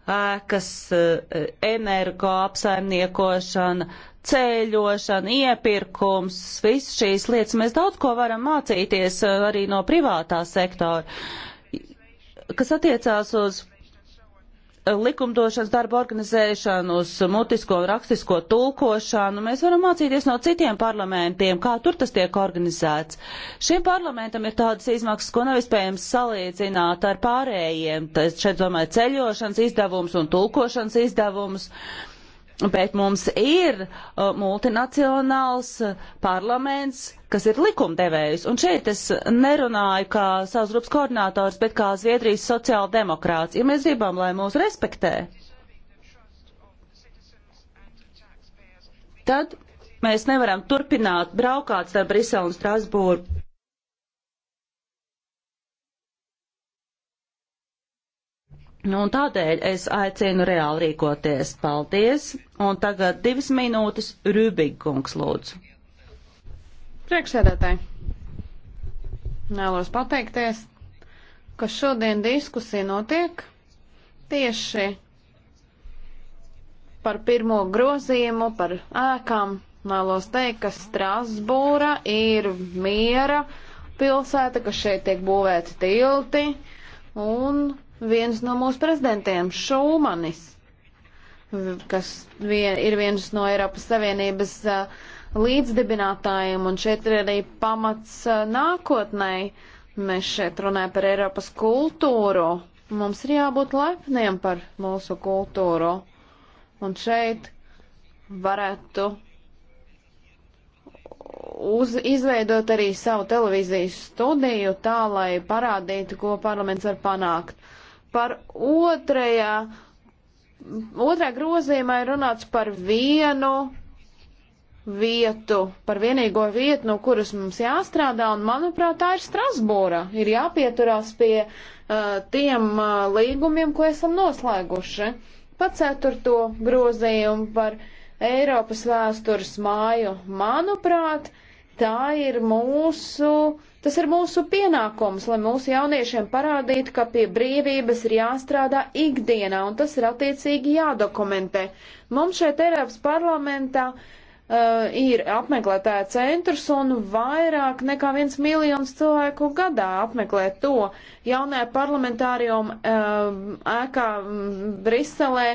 ēkas, eh, energo apsaimniekošana, ceļošana, iepirkums, visas šīs lietas. Mēs daudz ko varam mācīties eh, arī no privātā sektora. Kas attiecās uz likumdošanas darbu organizēšanu, uz mutisko un rakstisko tulkošanu. Mēs varam mācīties no citiem parlamentiem, kā tur tas tiek organizēts. Šim parlamentam ir tādas izmaksas, ko nav iespējams salīdzināt ar pārējiem. Tas šeit domāju ceļošanas izdevums un tulkošanas izdevums. Bet mums ir uh, multinacionāls uh, parlaments, kas ir likumdevējs. Un šeit es nerunāju kā savas grupas koordinātors, bet kā Zviedrijas sociāla demokrāts. Ja mēs gribam, lai mūs respektē, tad mēs nevaram turpināt braukāt starp Briselu un Strasbūru. Nu, un tādēļ es aicinu reāli rīkoties. Paldies! Un tagad divas minūtes Rūbīgungs lūdzu. Priekšsēdētāji, vēlos pateikties, ka šodien diskusija notiek tieši par pirmo grozījumu, par ēkām. Vēlos teikt, ka Strasbūra ir miera pilsēta, ka šeit tiek būvēti tilti, un viens no mūsu prezidentiem, Šūmanis, kas vien, ir viens no Eiropas Savienības uh, līdzdibinātājiem, un šeit ir arī pamats nākotnē. Mēs šeit runājam par Eiropas kultūru. Mums ir jābūt lepniem par mūsu kultūru. Un šeit varētu uz, izveidot arī savu televīzijas studiju tā, lai parādītu, ko parlaments var panākt. Par otrajā, otrajā grozījumā ir runāts par vienu vietu, par vienīgo vietu, no kuras mums jāstrādā, un manuprāt, tā ir Strasbūra. Ir jāpieturās pie uh, tiem uh, līgumiem, ko esam noslēguši. Pa ceturto grozījumu par Eiropas vēstures māju, manuprāt, tā ir mūsu, tas ir mūsu pienākums, lai mūsu jauniešiem parādītu, ka pie brīvības ir jāstrādā ikdienā, un tas ir attiecīgi jādokumentē. Mums šeit Eiropas parlamentā uh, uh, ir apmeklētāja centrs un vairāk nekā viens miljons cilvēku gadā apmeklē to. Jaunajā parlamentārijuma uh, eh, ēkā mm, Briselē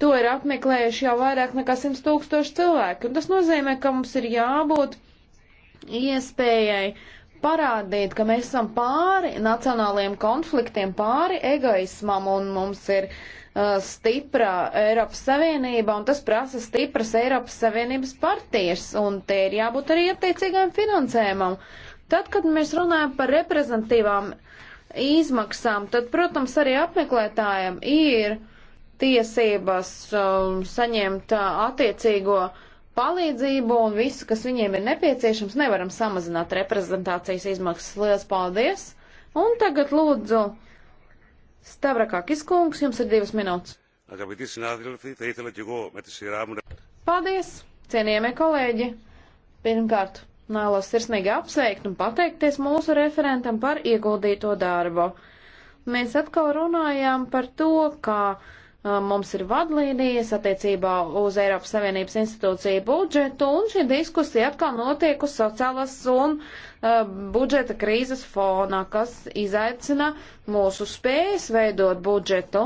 to ir apmeklējuši jau vairāk nekā 100 tūkstoši cilvēku. Un tas nozīmē, ka mums ir jābūt iespējai parādīt, ka mēs esam pāri nacionālajiem konfliktiem, pāri egoismam un mums ir uh, Uh, stipra Eiropas Savienība, un tas prasa stipras Eiropas Savienības partijas, un te ir jābūt arī attiecīgajam finansējumam. Tad, kad mēs runājam par reprezentatīvām izmaksām, tad, protams, arī apmeklētājiem ir tiesības um, saņemt uh, attiecīgo palīdzību un visu, kas viņiem ir nepieciešams. Nevaram samazināt reprezentācijas izmaksas. Lielas paldies! Un tagad lūdzu Stavrakakis kungs, jums ir divas minūtes. Paldies, cienījamie kolēģi! Pirmkārt, nālos sirsnīgi apsveikt un pateikties mūsu referentam par ieguldīto darbu. Mēs atkal runājām par to, kā uh, mums ir vadlīnijas attiecībā uz Eiropas Savienības institūciju budžetu, un šī diskusija atkal notiek uz sociālas un uh, Uh, budžeta krīzes fonā, kas izaicina mūsu spējas veidot budžetu.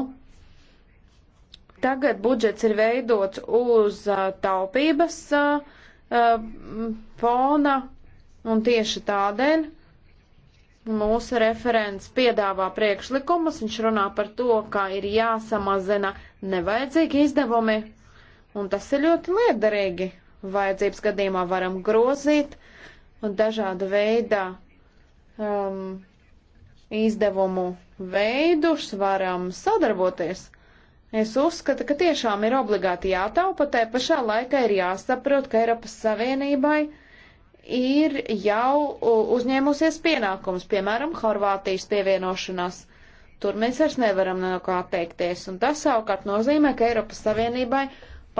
Tagad budžets ir veidots uz uh, taupības uh, mm, fona, un tieši tādēļ mūsu referents piedāvā priekšlikumus, viņš runā par to, ka ir jāsamazina nevajadzīgi izdevumi, un tas ir ļoti liederīgi. Vajadzības gadījumā varam grozīt un dažāda veida um, izdevumu veidus varam sadarboties. Es uzskatu, ka tiešām ir obligāti jātaupa, tai pašā laikā ir jāsaprot, ka Eiropas Savienībai ir jau uzņēmusies pienākums, piemēram, Horvātijas pievienošanās. Tur mēs vairs nevaram no kā atteikties, un tas savukārt nozīmē, ka Eiropas Savienībai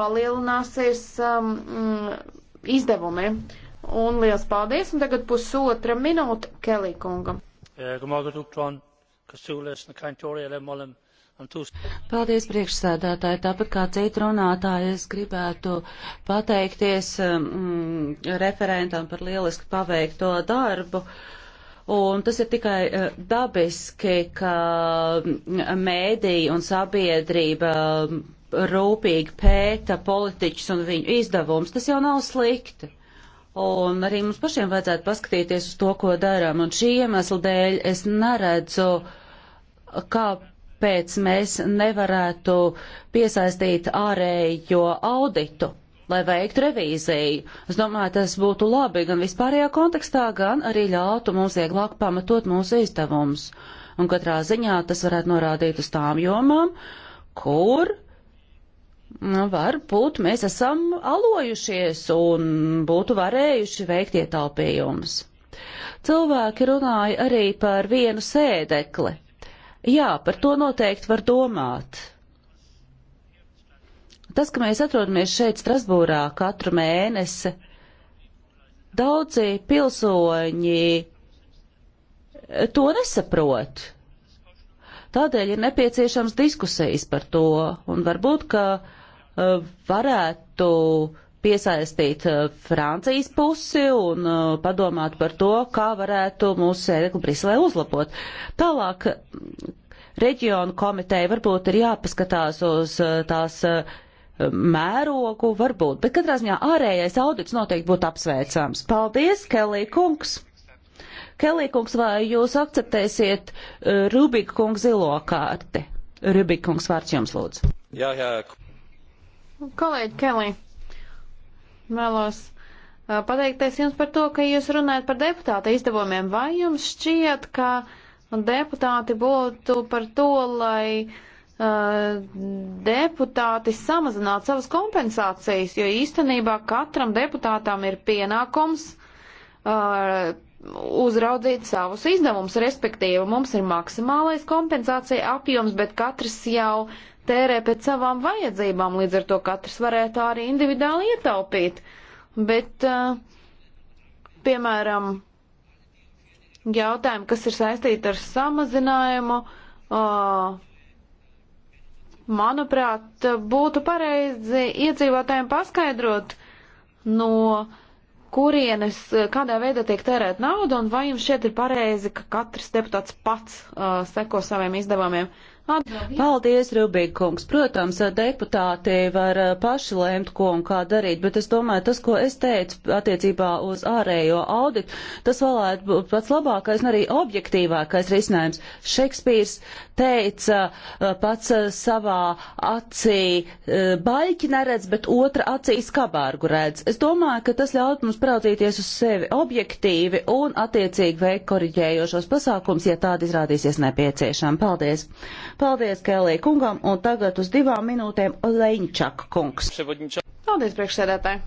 palielināsies um, mm, izdevumi. Uh, Un liels paldies, un tagad pusotra minūte Kelī kungam. Eh, paldies, priekšsēdētāji. Tāpat kā citu runātāju, es gribētu pateikties um, mm, referentam par lieliski paveikto darbu. Un tas ir tikai eh, dabiski, ka mm, mēdī un sabiedrība mm, rūpīgi pēta politiķus un viņu izdevumus. Tas jau nav slikti. Un arī mums pašiem vajadzētu paskatīties uz to, ko darām. Un šī iemesla dēļ es neredzu, kāpēc mēs nevarētu piesaistīt ārējo auditu, lai veiktu revīziju. Es domāju, tas būtu labi gan vispārējā kontekstā, gan arī ļautu mums vieglāk pamatot mūsu izdevumus. Un katrā ziņā tas varētu norādīt uz tām jomām, kur Nu, varbūt mēs esam alojušies un būtu varējuši veikt ietaupījumus. Cilvēki runāja arī par vienu sēdekli. Jā, par to noteikti var domāt. Tas, ka mēs atrodamies šeit Strasbūrā katru mēnesi, daudzi pilsoņi to nesaprot. Tādēļ ir nepieciešams diskusijas par to, un varbūt, ka uh, Uh, varētu piesaistīt uh, Francijas pusi un uh, padomāt par to, kā varētu mūsu sēdekli Briselē uzlabot. Tālāk reģionu komiteja varbūt ir jāpaskatās uz tās mērogu, varbūt, bet katrā ziņā ārējais audits noteikti būtu apsveicams. Paldies, Kelī kungs! Kelī kungs, vai jūs akceptēsiet Rubika kungs zilo kārti? Rubika kungs, vārds jums lūdzu. Jā, jā. Kolēģi Kelī, vēlos pateikties jums par to, ka jūs runājat par deputāta izdevumiem. Vai jums šķiet, ka deputāti būtu par to, lai uh, deputāti samazinātu savas kompensācijas, jo īstenībā katram deputātam ir pienākums uh, uzraudzīt savus izdevumus, respektīvi mums ir maksimālais kompensācija apjoms, bet katrs jau uh, tērē pēc savām vajadzībām, līdz ar to katrs varētu arī individuāli ietaupīt. Bet, eh, piemēram, jautājumi, kas ir saistīti ar samazinājumu, eh, manuprāt, būtu pareizi iedzīvotājiem paskaidrot, no kurienes, kādā veidā tiek tērēt nauda, un vai jums šeit ir pareizi, ka katrs deputāts pats uh, seko saviem izdevumiem. Uh, Paldies, Rubīkungs. Protams, eh, deputāti var eh, paši lēmt, ko un kā darīt, bet es domāju, tas, ko es teicu attiecībā uz ārējo auditu, tas varētu būt pats labākais un arī objektīvākais risinājums. Šekspīrs teica eh, pats eh, savā acī eh, baļķi neredz, bet otra acī skabārgu redz. Es domāju, ka tas ļaut mums praudzīties uz sevi objektīvi un attiecīgi veikt koriģējošos pasākums, ja tādi izrādīsies nepieciešami. Paldies! Paldies, Kēlī kungam, un tagad uz divām minūtēm Leņčak kungs. Paldies, priekšsēdētāji!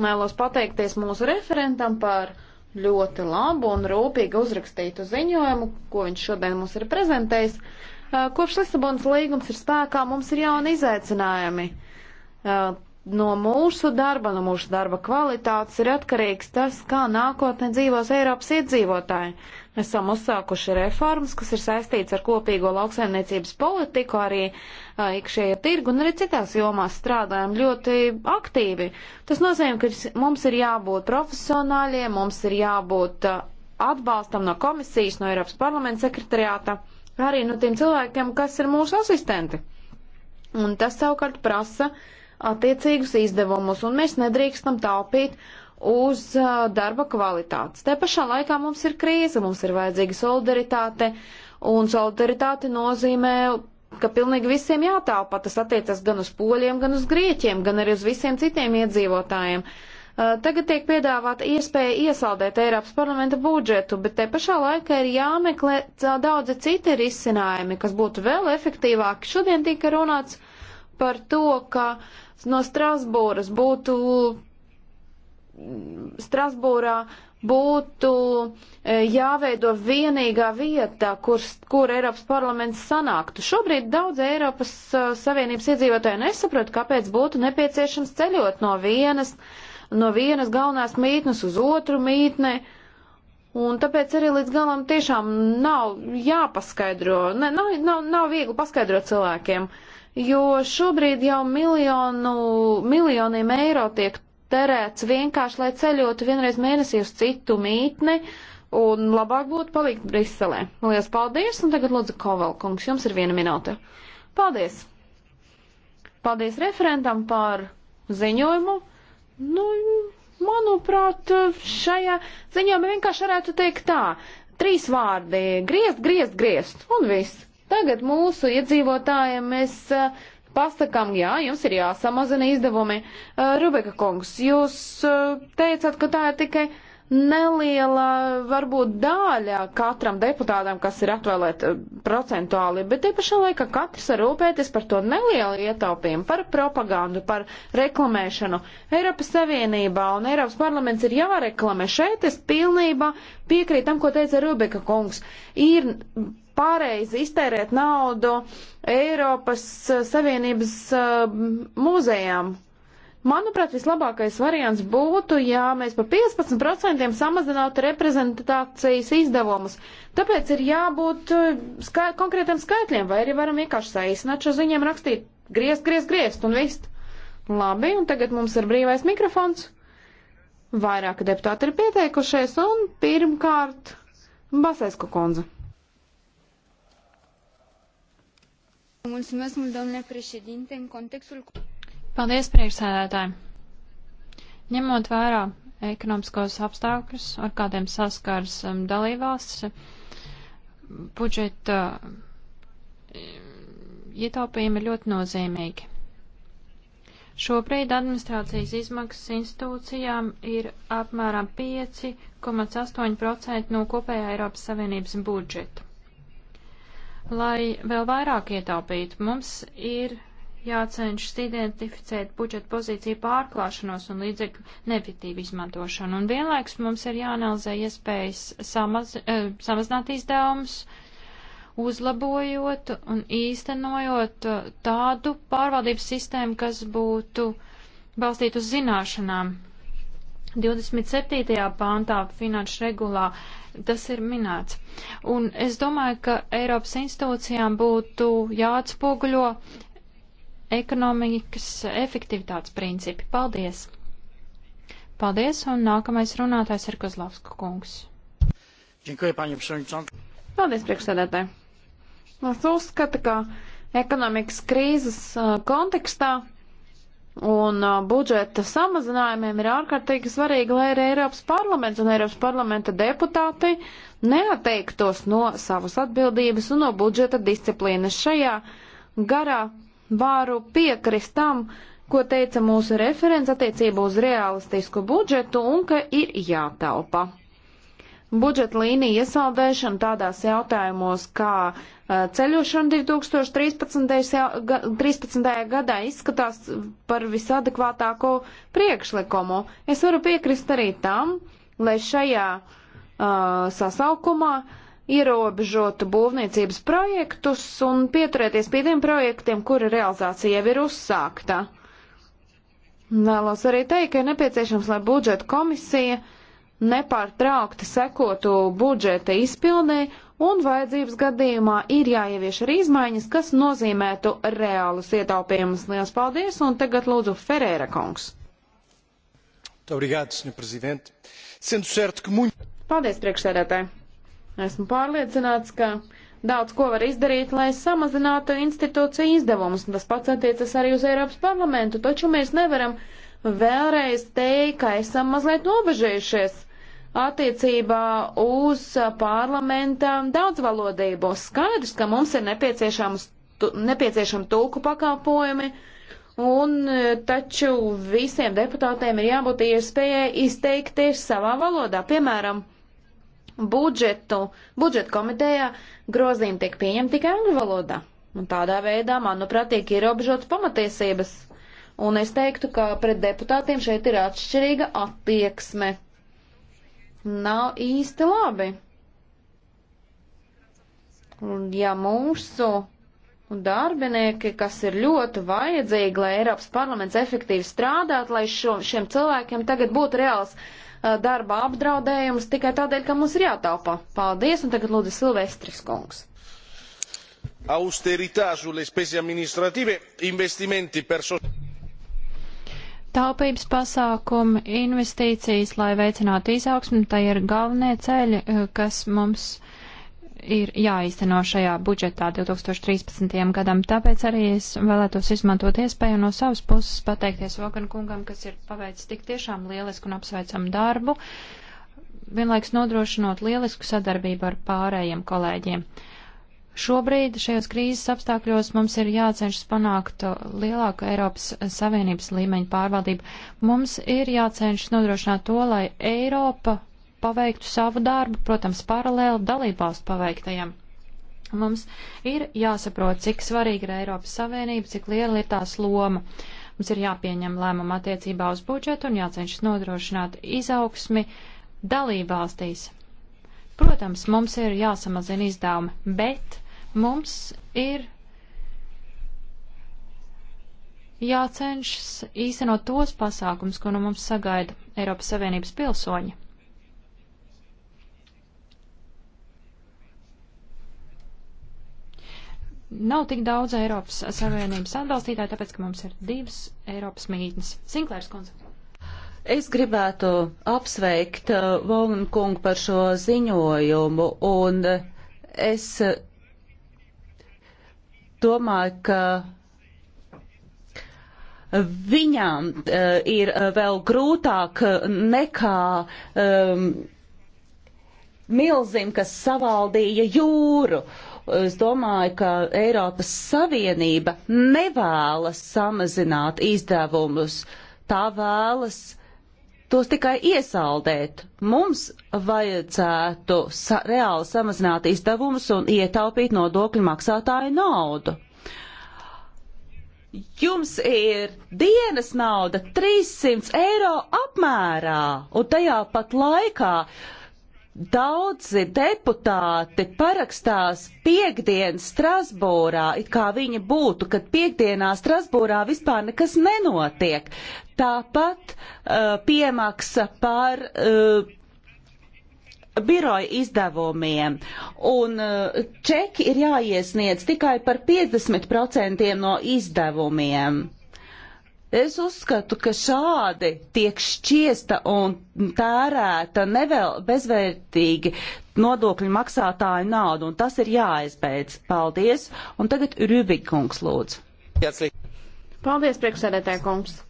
Mēlos pateikties mūsu referentam par ļoti labu un rūpīgi uzrakstītu ziņojumu, ko viņš šodien mums ir prezentējis. Uh, kopš Lisabonas līgums ir spēkā, mums ir jauni izaicinājumi. Uh, no mūsu darba, no mūsu darba kvalitātes ir atkarīgs tas, kā nākotnē dzīvos Eiropas iedzīvotāji esam uzsākuši reformas, kas ir saistīts ar kopīgo lauksaimniecības politiku, arī uh, iekšējā tirgu un arī citās jomās strādājam ļoti aktīvi. Tas nozīmē, ka mums ir jābūt profesionāļiem, mums ir jābūt uh, atbalstam no komisijas, no Eiropas parlamenta sekretariāta, arī no tiem cilvēkiem, kas ir mūsu asistenti. Un tas savukārt prasa attiecīgus izdevumus, un mēs nedrīkstam taupīt uh, uz darba kvalitātes. Te pašā laikā mums ir krīze, mums ir vajadzīga solidaritāte, un solidaritāte nozīmē, ka pilnīgi visiem jātāpa. Tas attiecas gan uz poļiem, gan uz grieķiem, gan arī uz visiem citiem iedzīvotājiem. Tagad tiek piedāvāta iespēja iesaldēt Eiropas parlamenta budžetu, bet te pašā laikā ir jāmeklē daudzi citi risinājumi, kas būtu vēl efektīvāki. Šodien tika runāts par to, ka no Strasbūras būtu Strasbūrā būtu e, jāveido vienīgā vieta, kur, kur Eiropas parlaments sanāktu. Šobrīd daudz Eiropas e, Savienības iedzīvotāju nesaprot, kāpēc būtu nepieciešams ceļot no vienas, no vienas galvenās mītnes uz otru mītni. Un tāpēc arī līdz galam tiešām nav jāpaskaidro, ne, nav, nav, nav viegli paskaidrot cilvēkiem, jo šobrīd jau miljonu, miljoniem eiro tiek terēts vienkārši, lai ceļotu vienreiz mēnesī uz citu mītni, un labāk būtu palikt Briselē. Lielas paldies, un tagad lūdzu Kovalkungs, jums ir viena minūte. Paldies! Paldies referentam par ziņojumu. Nu, manuprāt, šajā ziņojumā vienkārši varētu teikt tā. Trīs vārdi - griezt, griezt, griezt, un viss. Tagad mūsu iedzīvotājiem mēs pasakām, jā, jums ir jāsamazina izdevumi. Rubeka kungs, jūs teicāt, ka tā ir tikai neliela, varbūt dāļa katram deputātam, kas ir atvēlēta procentuāli, bet te pašā laikā katrs var rūpēties par to nelielu ietaupījumu, par propagandu, par reklamēšanu. Eiropas Savienībā un Eiropas parlaments ir jāreklamē. Šeit es pilnībā piekrītu tam, ko teica Rubeka kungs. Ir pareizi iztērēt naudu Eiropas eh, Savienības uh, muzejām. Manuprāt, vislabākais variants būtu, ja mēs pa 15% samazinātu reprezentācijas izdevumus. Tāpēc ir jābūt eh, skai konkrētiem skaitļiem, vai arī varam vienkārši saīsināt šo ziņiem rakstīt griezt, griezt, griezt un vist. Labi, un tagad mums ir brīvais mikrofons. Vairāki deputāti ir pieteikušies, un pirmkārt Basēsku konza. Mulțumesc mult, domnule președinte, în contextul... Paldies, priekšsēdētāji! Ņemot vērā ekonomiskos apstākļus, ar kādiem saskars um, dalībvalsts, budžeta um, ietaupījumi ir ļoti nozīmīgi. Šobrīd administrācijas izmaksas institūcijām ir apmēram 5,8% no kopējā Eiropas Savienības budžeta. Lai vēl vairāk ietaupītu, mums ir jācenšas identificēt budžeta pozīciju pārklāšanos un līdzekļu neefektīvu izmantošanu. Un vienlaiks mums ir jāanalizē iespējas samaz, eh, samazināt izdevumus, uzlabojot un īstenojot eh, tādu pārvaldības sistēmu, kas būtu balstīta uz zināšanām, 27. pāntā finanšu regulā tas ir minēts. Un es domāju, ka Eiropas institūcijām būtu jāatspoguļo ekonomikas efektivitātes principi. Paldies! Paldies, un nākamais runātājs ir Kozlavska kungs. Paldies, priekšsēdētāji! Mums uzskata, ka ekonomikas krīzes kontekstā Un uh, budžeta samazinājumiem ir ārkārtīgi svarīgi, lai arī Eiropas parlaments un Eiropas parlamenta deputāti neatteiktos no savas atbildības un no budžeta disciplīnas. Šajā garā varu piekrist tam, ko teica mūsu referents attiecībā uz realistisku budžetu un ka ir jātaupa budžeta līnija iesaldēšana tādās jautājumos, kā ceļošana 2013. 13. gadā izskatās par visadekvātāko priekšlikumu. Es varu piekrist arī tam, lai šajā uh, sasaukumā ierobežotu būvniecības projektus un pieturēties pie tiem projektiem, kura realizācija jau ir uzsākta. Vēlos arī teikt, ka ir nepieciešams, lai budžeta komisija uh, nepārtraukti sekotu budžeta izpildē un vajadzības gadījumā ir jāievieš arī izmaiņas, kas nozīmētu reālus ietaupījumus. Lielas paldies, un tagad lūdzu Ferēra kungs. Paldies, priekšsēdētāji. Esmu pārliecināts, ka daudz ko var izdarīt, lai samazinātu institūciju izdevumus, un tas pats attiecas arī uz Eiropas parlamentu, taču mēs nevaram vēlreiz teikt, ka esam mazliet nobežējušies attiecībā uz parlamenta daudzvalodību. Skaidrs, ka mums ir nepieciešama tulku pakalpojumi, un e, taču visiem deputātiem ir jābūt iespējai izteikties savā valodā. Piemēram, budžetu, budžetu komitejā grozījumi tiek pieņemti tikai angļu valodā. Un tādā veidā, manuprāt, tiek ierobežotas pamatiesības. Un es teiktu, ka pret deputātiem šeit ir atšķirīga attieksme nav īsti labi. Un ja mūsu darbinieki, kas ir ļoti vajadzīgi, lai Eiropas parlaments efektīvi strādātu, lai šo, šiem cilvēkiem tagad būtu reāls uh, darba apdraudējums tikai tādēļ, ka mums ir jātaupa. Paldies, un tagad lūdzu Silvestris kungs. Austeritā sulle spese administrative, investimenti personāli. Taupības pasākumi, investīcijas, lai veicinātu izaugsmu, tai ir galvenie ceļi, eh, kas mums ir jāīsteno šajā budžetā 2013. gadam. Tāpēc arī es vēlētos izmantot iespēju no savas puses pateikties Vogan kungam, kas ir paveicis tik tiešām lielisku un apsveicamu darbu, vienlaiks nodrošinot lielisku sadarbību ar pārējiem kolēģiem. Uh, Šobrīd šajos krīzes apstākļos mums ir jācenšas panākt uh, lielāku Eiropas Savienības līmeņu pārvaldību. Mums ir jācenšas nodrošināt to, lai Eiropa paveiktu savu darbu, protams, paralēli dalībvalstu paveiktajam. Mums ir jāsaprot, cik svarīga ir Eiropas Savienība, cik liela ir tās loma. Mums ir jāpieņem lēmumu attiecībā uz budžetu un jācenšas nodrošināt izaugsmi dalībvalstīs. Protams, mums ir jāsamazina izdevumi, bet mums ir jācenšas īstenot tos pasākums, ko no nu mums sagaida Eiropas Savienības pilsoņi. nav tik daudz Eiropas Savienības atbalstītāju, tāpēc, ka mums ir divas Eiropas mītnes. Sinklērs kundze. Es gribētu apsveikt uh, Volnu kungu par šo ziņojumu, un uh, es uh, domāju, ka viņam uh, ir vēl grūtāk nekā um, milzim, kas savaldīja jūru. Es domāju, ka Eiropas Savienība nevēlas samazināt izdevumus. Tā vēlas tos tikai iesaldēt. Mums vajadzētu sa reāli samazināt izdevumus un ietaupīt nodokļu maksātāju naudu. Jums ir dienas nauda 300 eiro apmērā, un tajā pat laikā daudzi deputāti parakstās piekdienas Strasbūrā, it kā viņi būtu, kad piekdienā Strasbūrā vispār nekas nenotiek. Tāpat uh, piemaksa par uh, biroja izdevumiem, un uh, čeki ir jāiesniedz tikai par 50% no izdevumiem. Es uzskatu, ka šādi tiek šķiesta un tērēta nevēl bezvērtīgi nodokļu maksātāju naudu, un tas ir jāizbeidz. Paldies, un tagad Rubikungs lūdzu. Paldies, priekšsēdētāja kungs.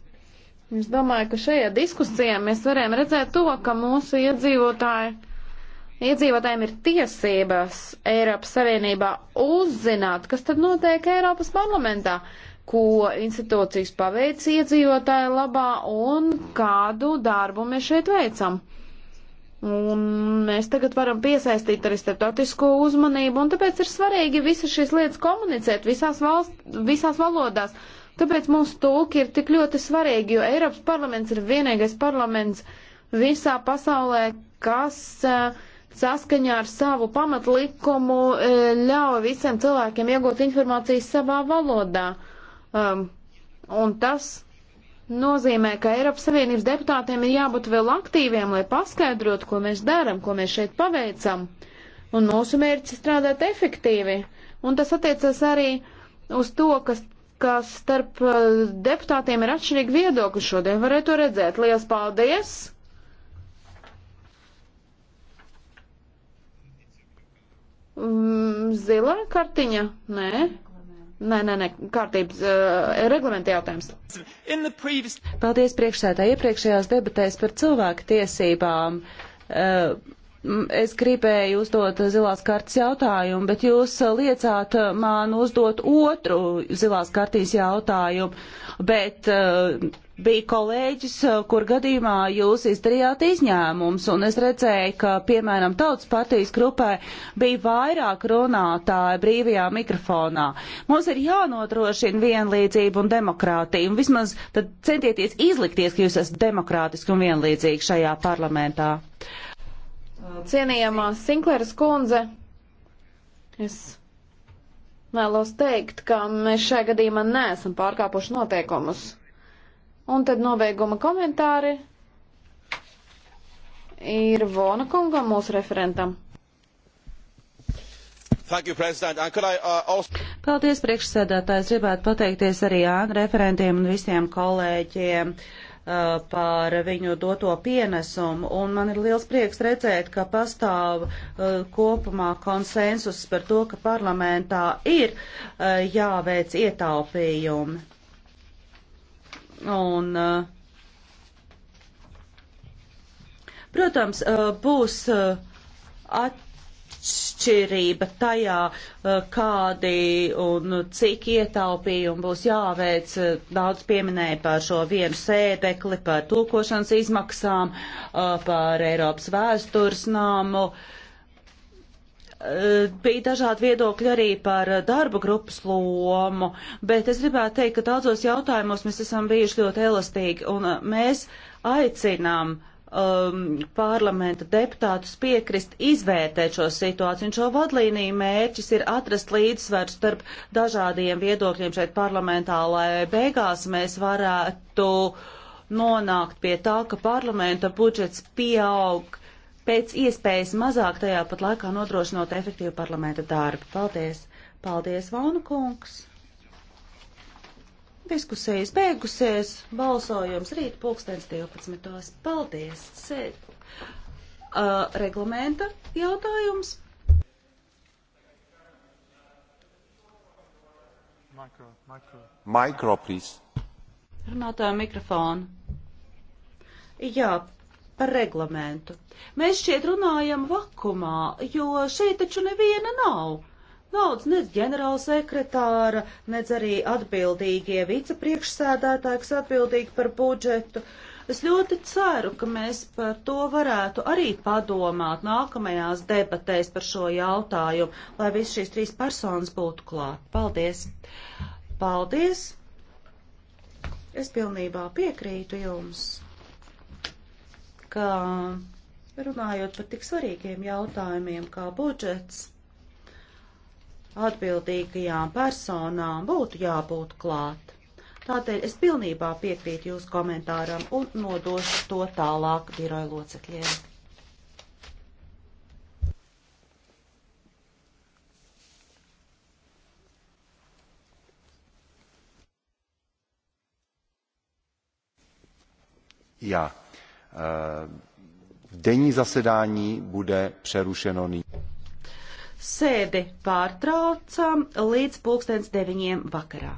Es domāju, ka šajā diskusijā mēs varējām redzēt to, ka mūsu iedzīvotāji, iedzīvotājiem ir tiesības Eiropas Savienībā uzzināt, kas tad notiek Eiropas parlamentā, ko institūcijas paveic iedzīvotāju labā un kādu darbu mēs šeit veicam. Un mēs tagad varam piesaistīt arī starptautisko uzmanību, un tāpēc ir svarīgi visas šīs lietas komunicēt visās, valst, visās valodās Tāpēc mūsu tulki ir tik ļoti svarīgi, jo Eiropas parlaments ir vienīgais parlaments visā pasaulē, kas eh, saskaņā ar savu pamatlikumu eh, ļauj visiem cilvēkiem iegūt informācijas savā valodā. Um, un tas nozīmē, ka Eiropas Savienības deputātiem ir jābūt vēl aktīviem, lai paskaidrotu, ko mēs darām, ko mēs šeit paveicam. Un mūsu mērķis ir strādāt efektīvi. Un tas attiecas arī uz to, kas ka starp eh, deputātiem ir atšķirīgi viedokļi šodien. Varēja to redzēt. Lielas paldies! Mm, zila kartiņa? Nē. Nē, nē, nē, kārtības uh, reglamenta jautājums. Previous... Paldies priekšsētā iepriekšējās debatēs par cilvēku tiesībām. Uh, Es gribēju uzdot zilās kartas jautājumu, bet jūs uh, liecāt uh, man uzdot otru zilās kartīs jautājumu, bet uh, bija kolēģis, uh, kur gadījumā jūs izdarījāt izņēmums, un es redzēju, ka, piemēram, Tautas partijas grupai bija vairāk runātāji brīvajā mikrofonā. Mums ir jānodrošina vienlīdzība un demokrātija, un vismaz tad centieties izlikties, ka jūs esat demokrātiski un vienlīdzīgi šajā parlamentā. Uh, Cienījamā Sinkleras kundze, es vēlos teikt, ka mēs šajā gadījumā neesam pārkāpuši noteikumus. Un tad nobeiguma komentāri ir Vona kungam, mūsu referentam. You, I, uh, also... Paldies, priekšsēdētājs. Gribētu pateikties arī Ānu referentiem un visiem kolēģiem. Uh, Uh, par viņu doto pienesumu, un man ir liels prieks redzēt, ka pastāv uh, kopumā konsensus par to, ka parlamentā ir uh, jāveic ietaupījumi. Un, protams, būs at atšķirība tajā, eh, kādi un cik ietaupījumi būs jāveic. Eh, daudz pieminēja par šo vienu sēdekli, par tulkošanas izmaksām, eh, par Eiropas vēstures nāmu. Bija dažādi viedokļi arī par darba grupas lomu, bet es gribētu teikt, ka daudzos jautājumos mēs esam bijuši ļoti elastīgi un mēs aicinām uh, um, parlamenta deputātus piekrist izvērtēt šo situāciju. Un šo vadlīniju mērķis ir atrast līdzsveru starp dažādiem viedokļiem šeit parlamentā, lai beigās mēs varētu nonākt pie tā, ka parlamenta budžets pieaug pēc iespējas mazāk tajā pat laikā nodrošinot efektīvu parlamenta darbu. Paldies! Paldies, Vaunu kungs! Diskusijas beigusies, balsojums rīt pulkstens 12. Paldies! Sēd. Uh, reglamenta jautājums. Micro, micro. Micro, please. Runātāja mikrofonu. Jā, par reglamentu. Mēs šeit runājam vakumā, jo šeit taču neviena nav. Naudas nec ģenerāla sekretāra, nec arī atbildīgie vicepriekšsēdētāji, kas atbildīgi par budžetu. Es ļoti ceru, ka mēs par to varētu arī padomāt nākamajās debatēs par šo jautājumu, lai viss šīs trīs personas būtu klāt. Paldies! Paldies! Es pilnībā piekrītu jums, ka runājot par tik svarīgiem jautājumiem kā budžets, atbildīgajām personām būtu jābūt klāt. Tādēļ es pilnībā piekrītu jūsu komentāram un nodošu to tālāk biroja locekļiem. Já. Ja. Eh, denní zasedání bude přerušeno nyní. Sēdi pārtraucam līdz pulkstens deviņiem vakarā.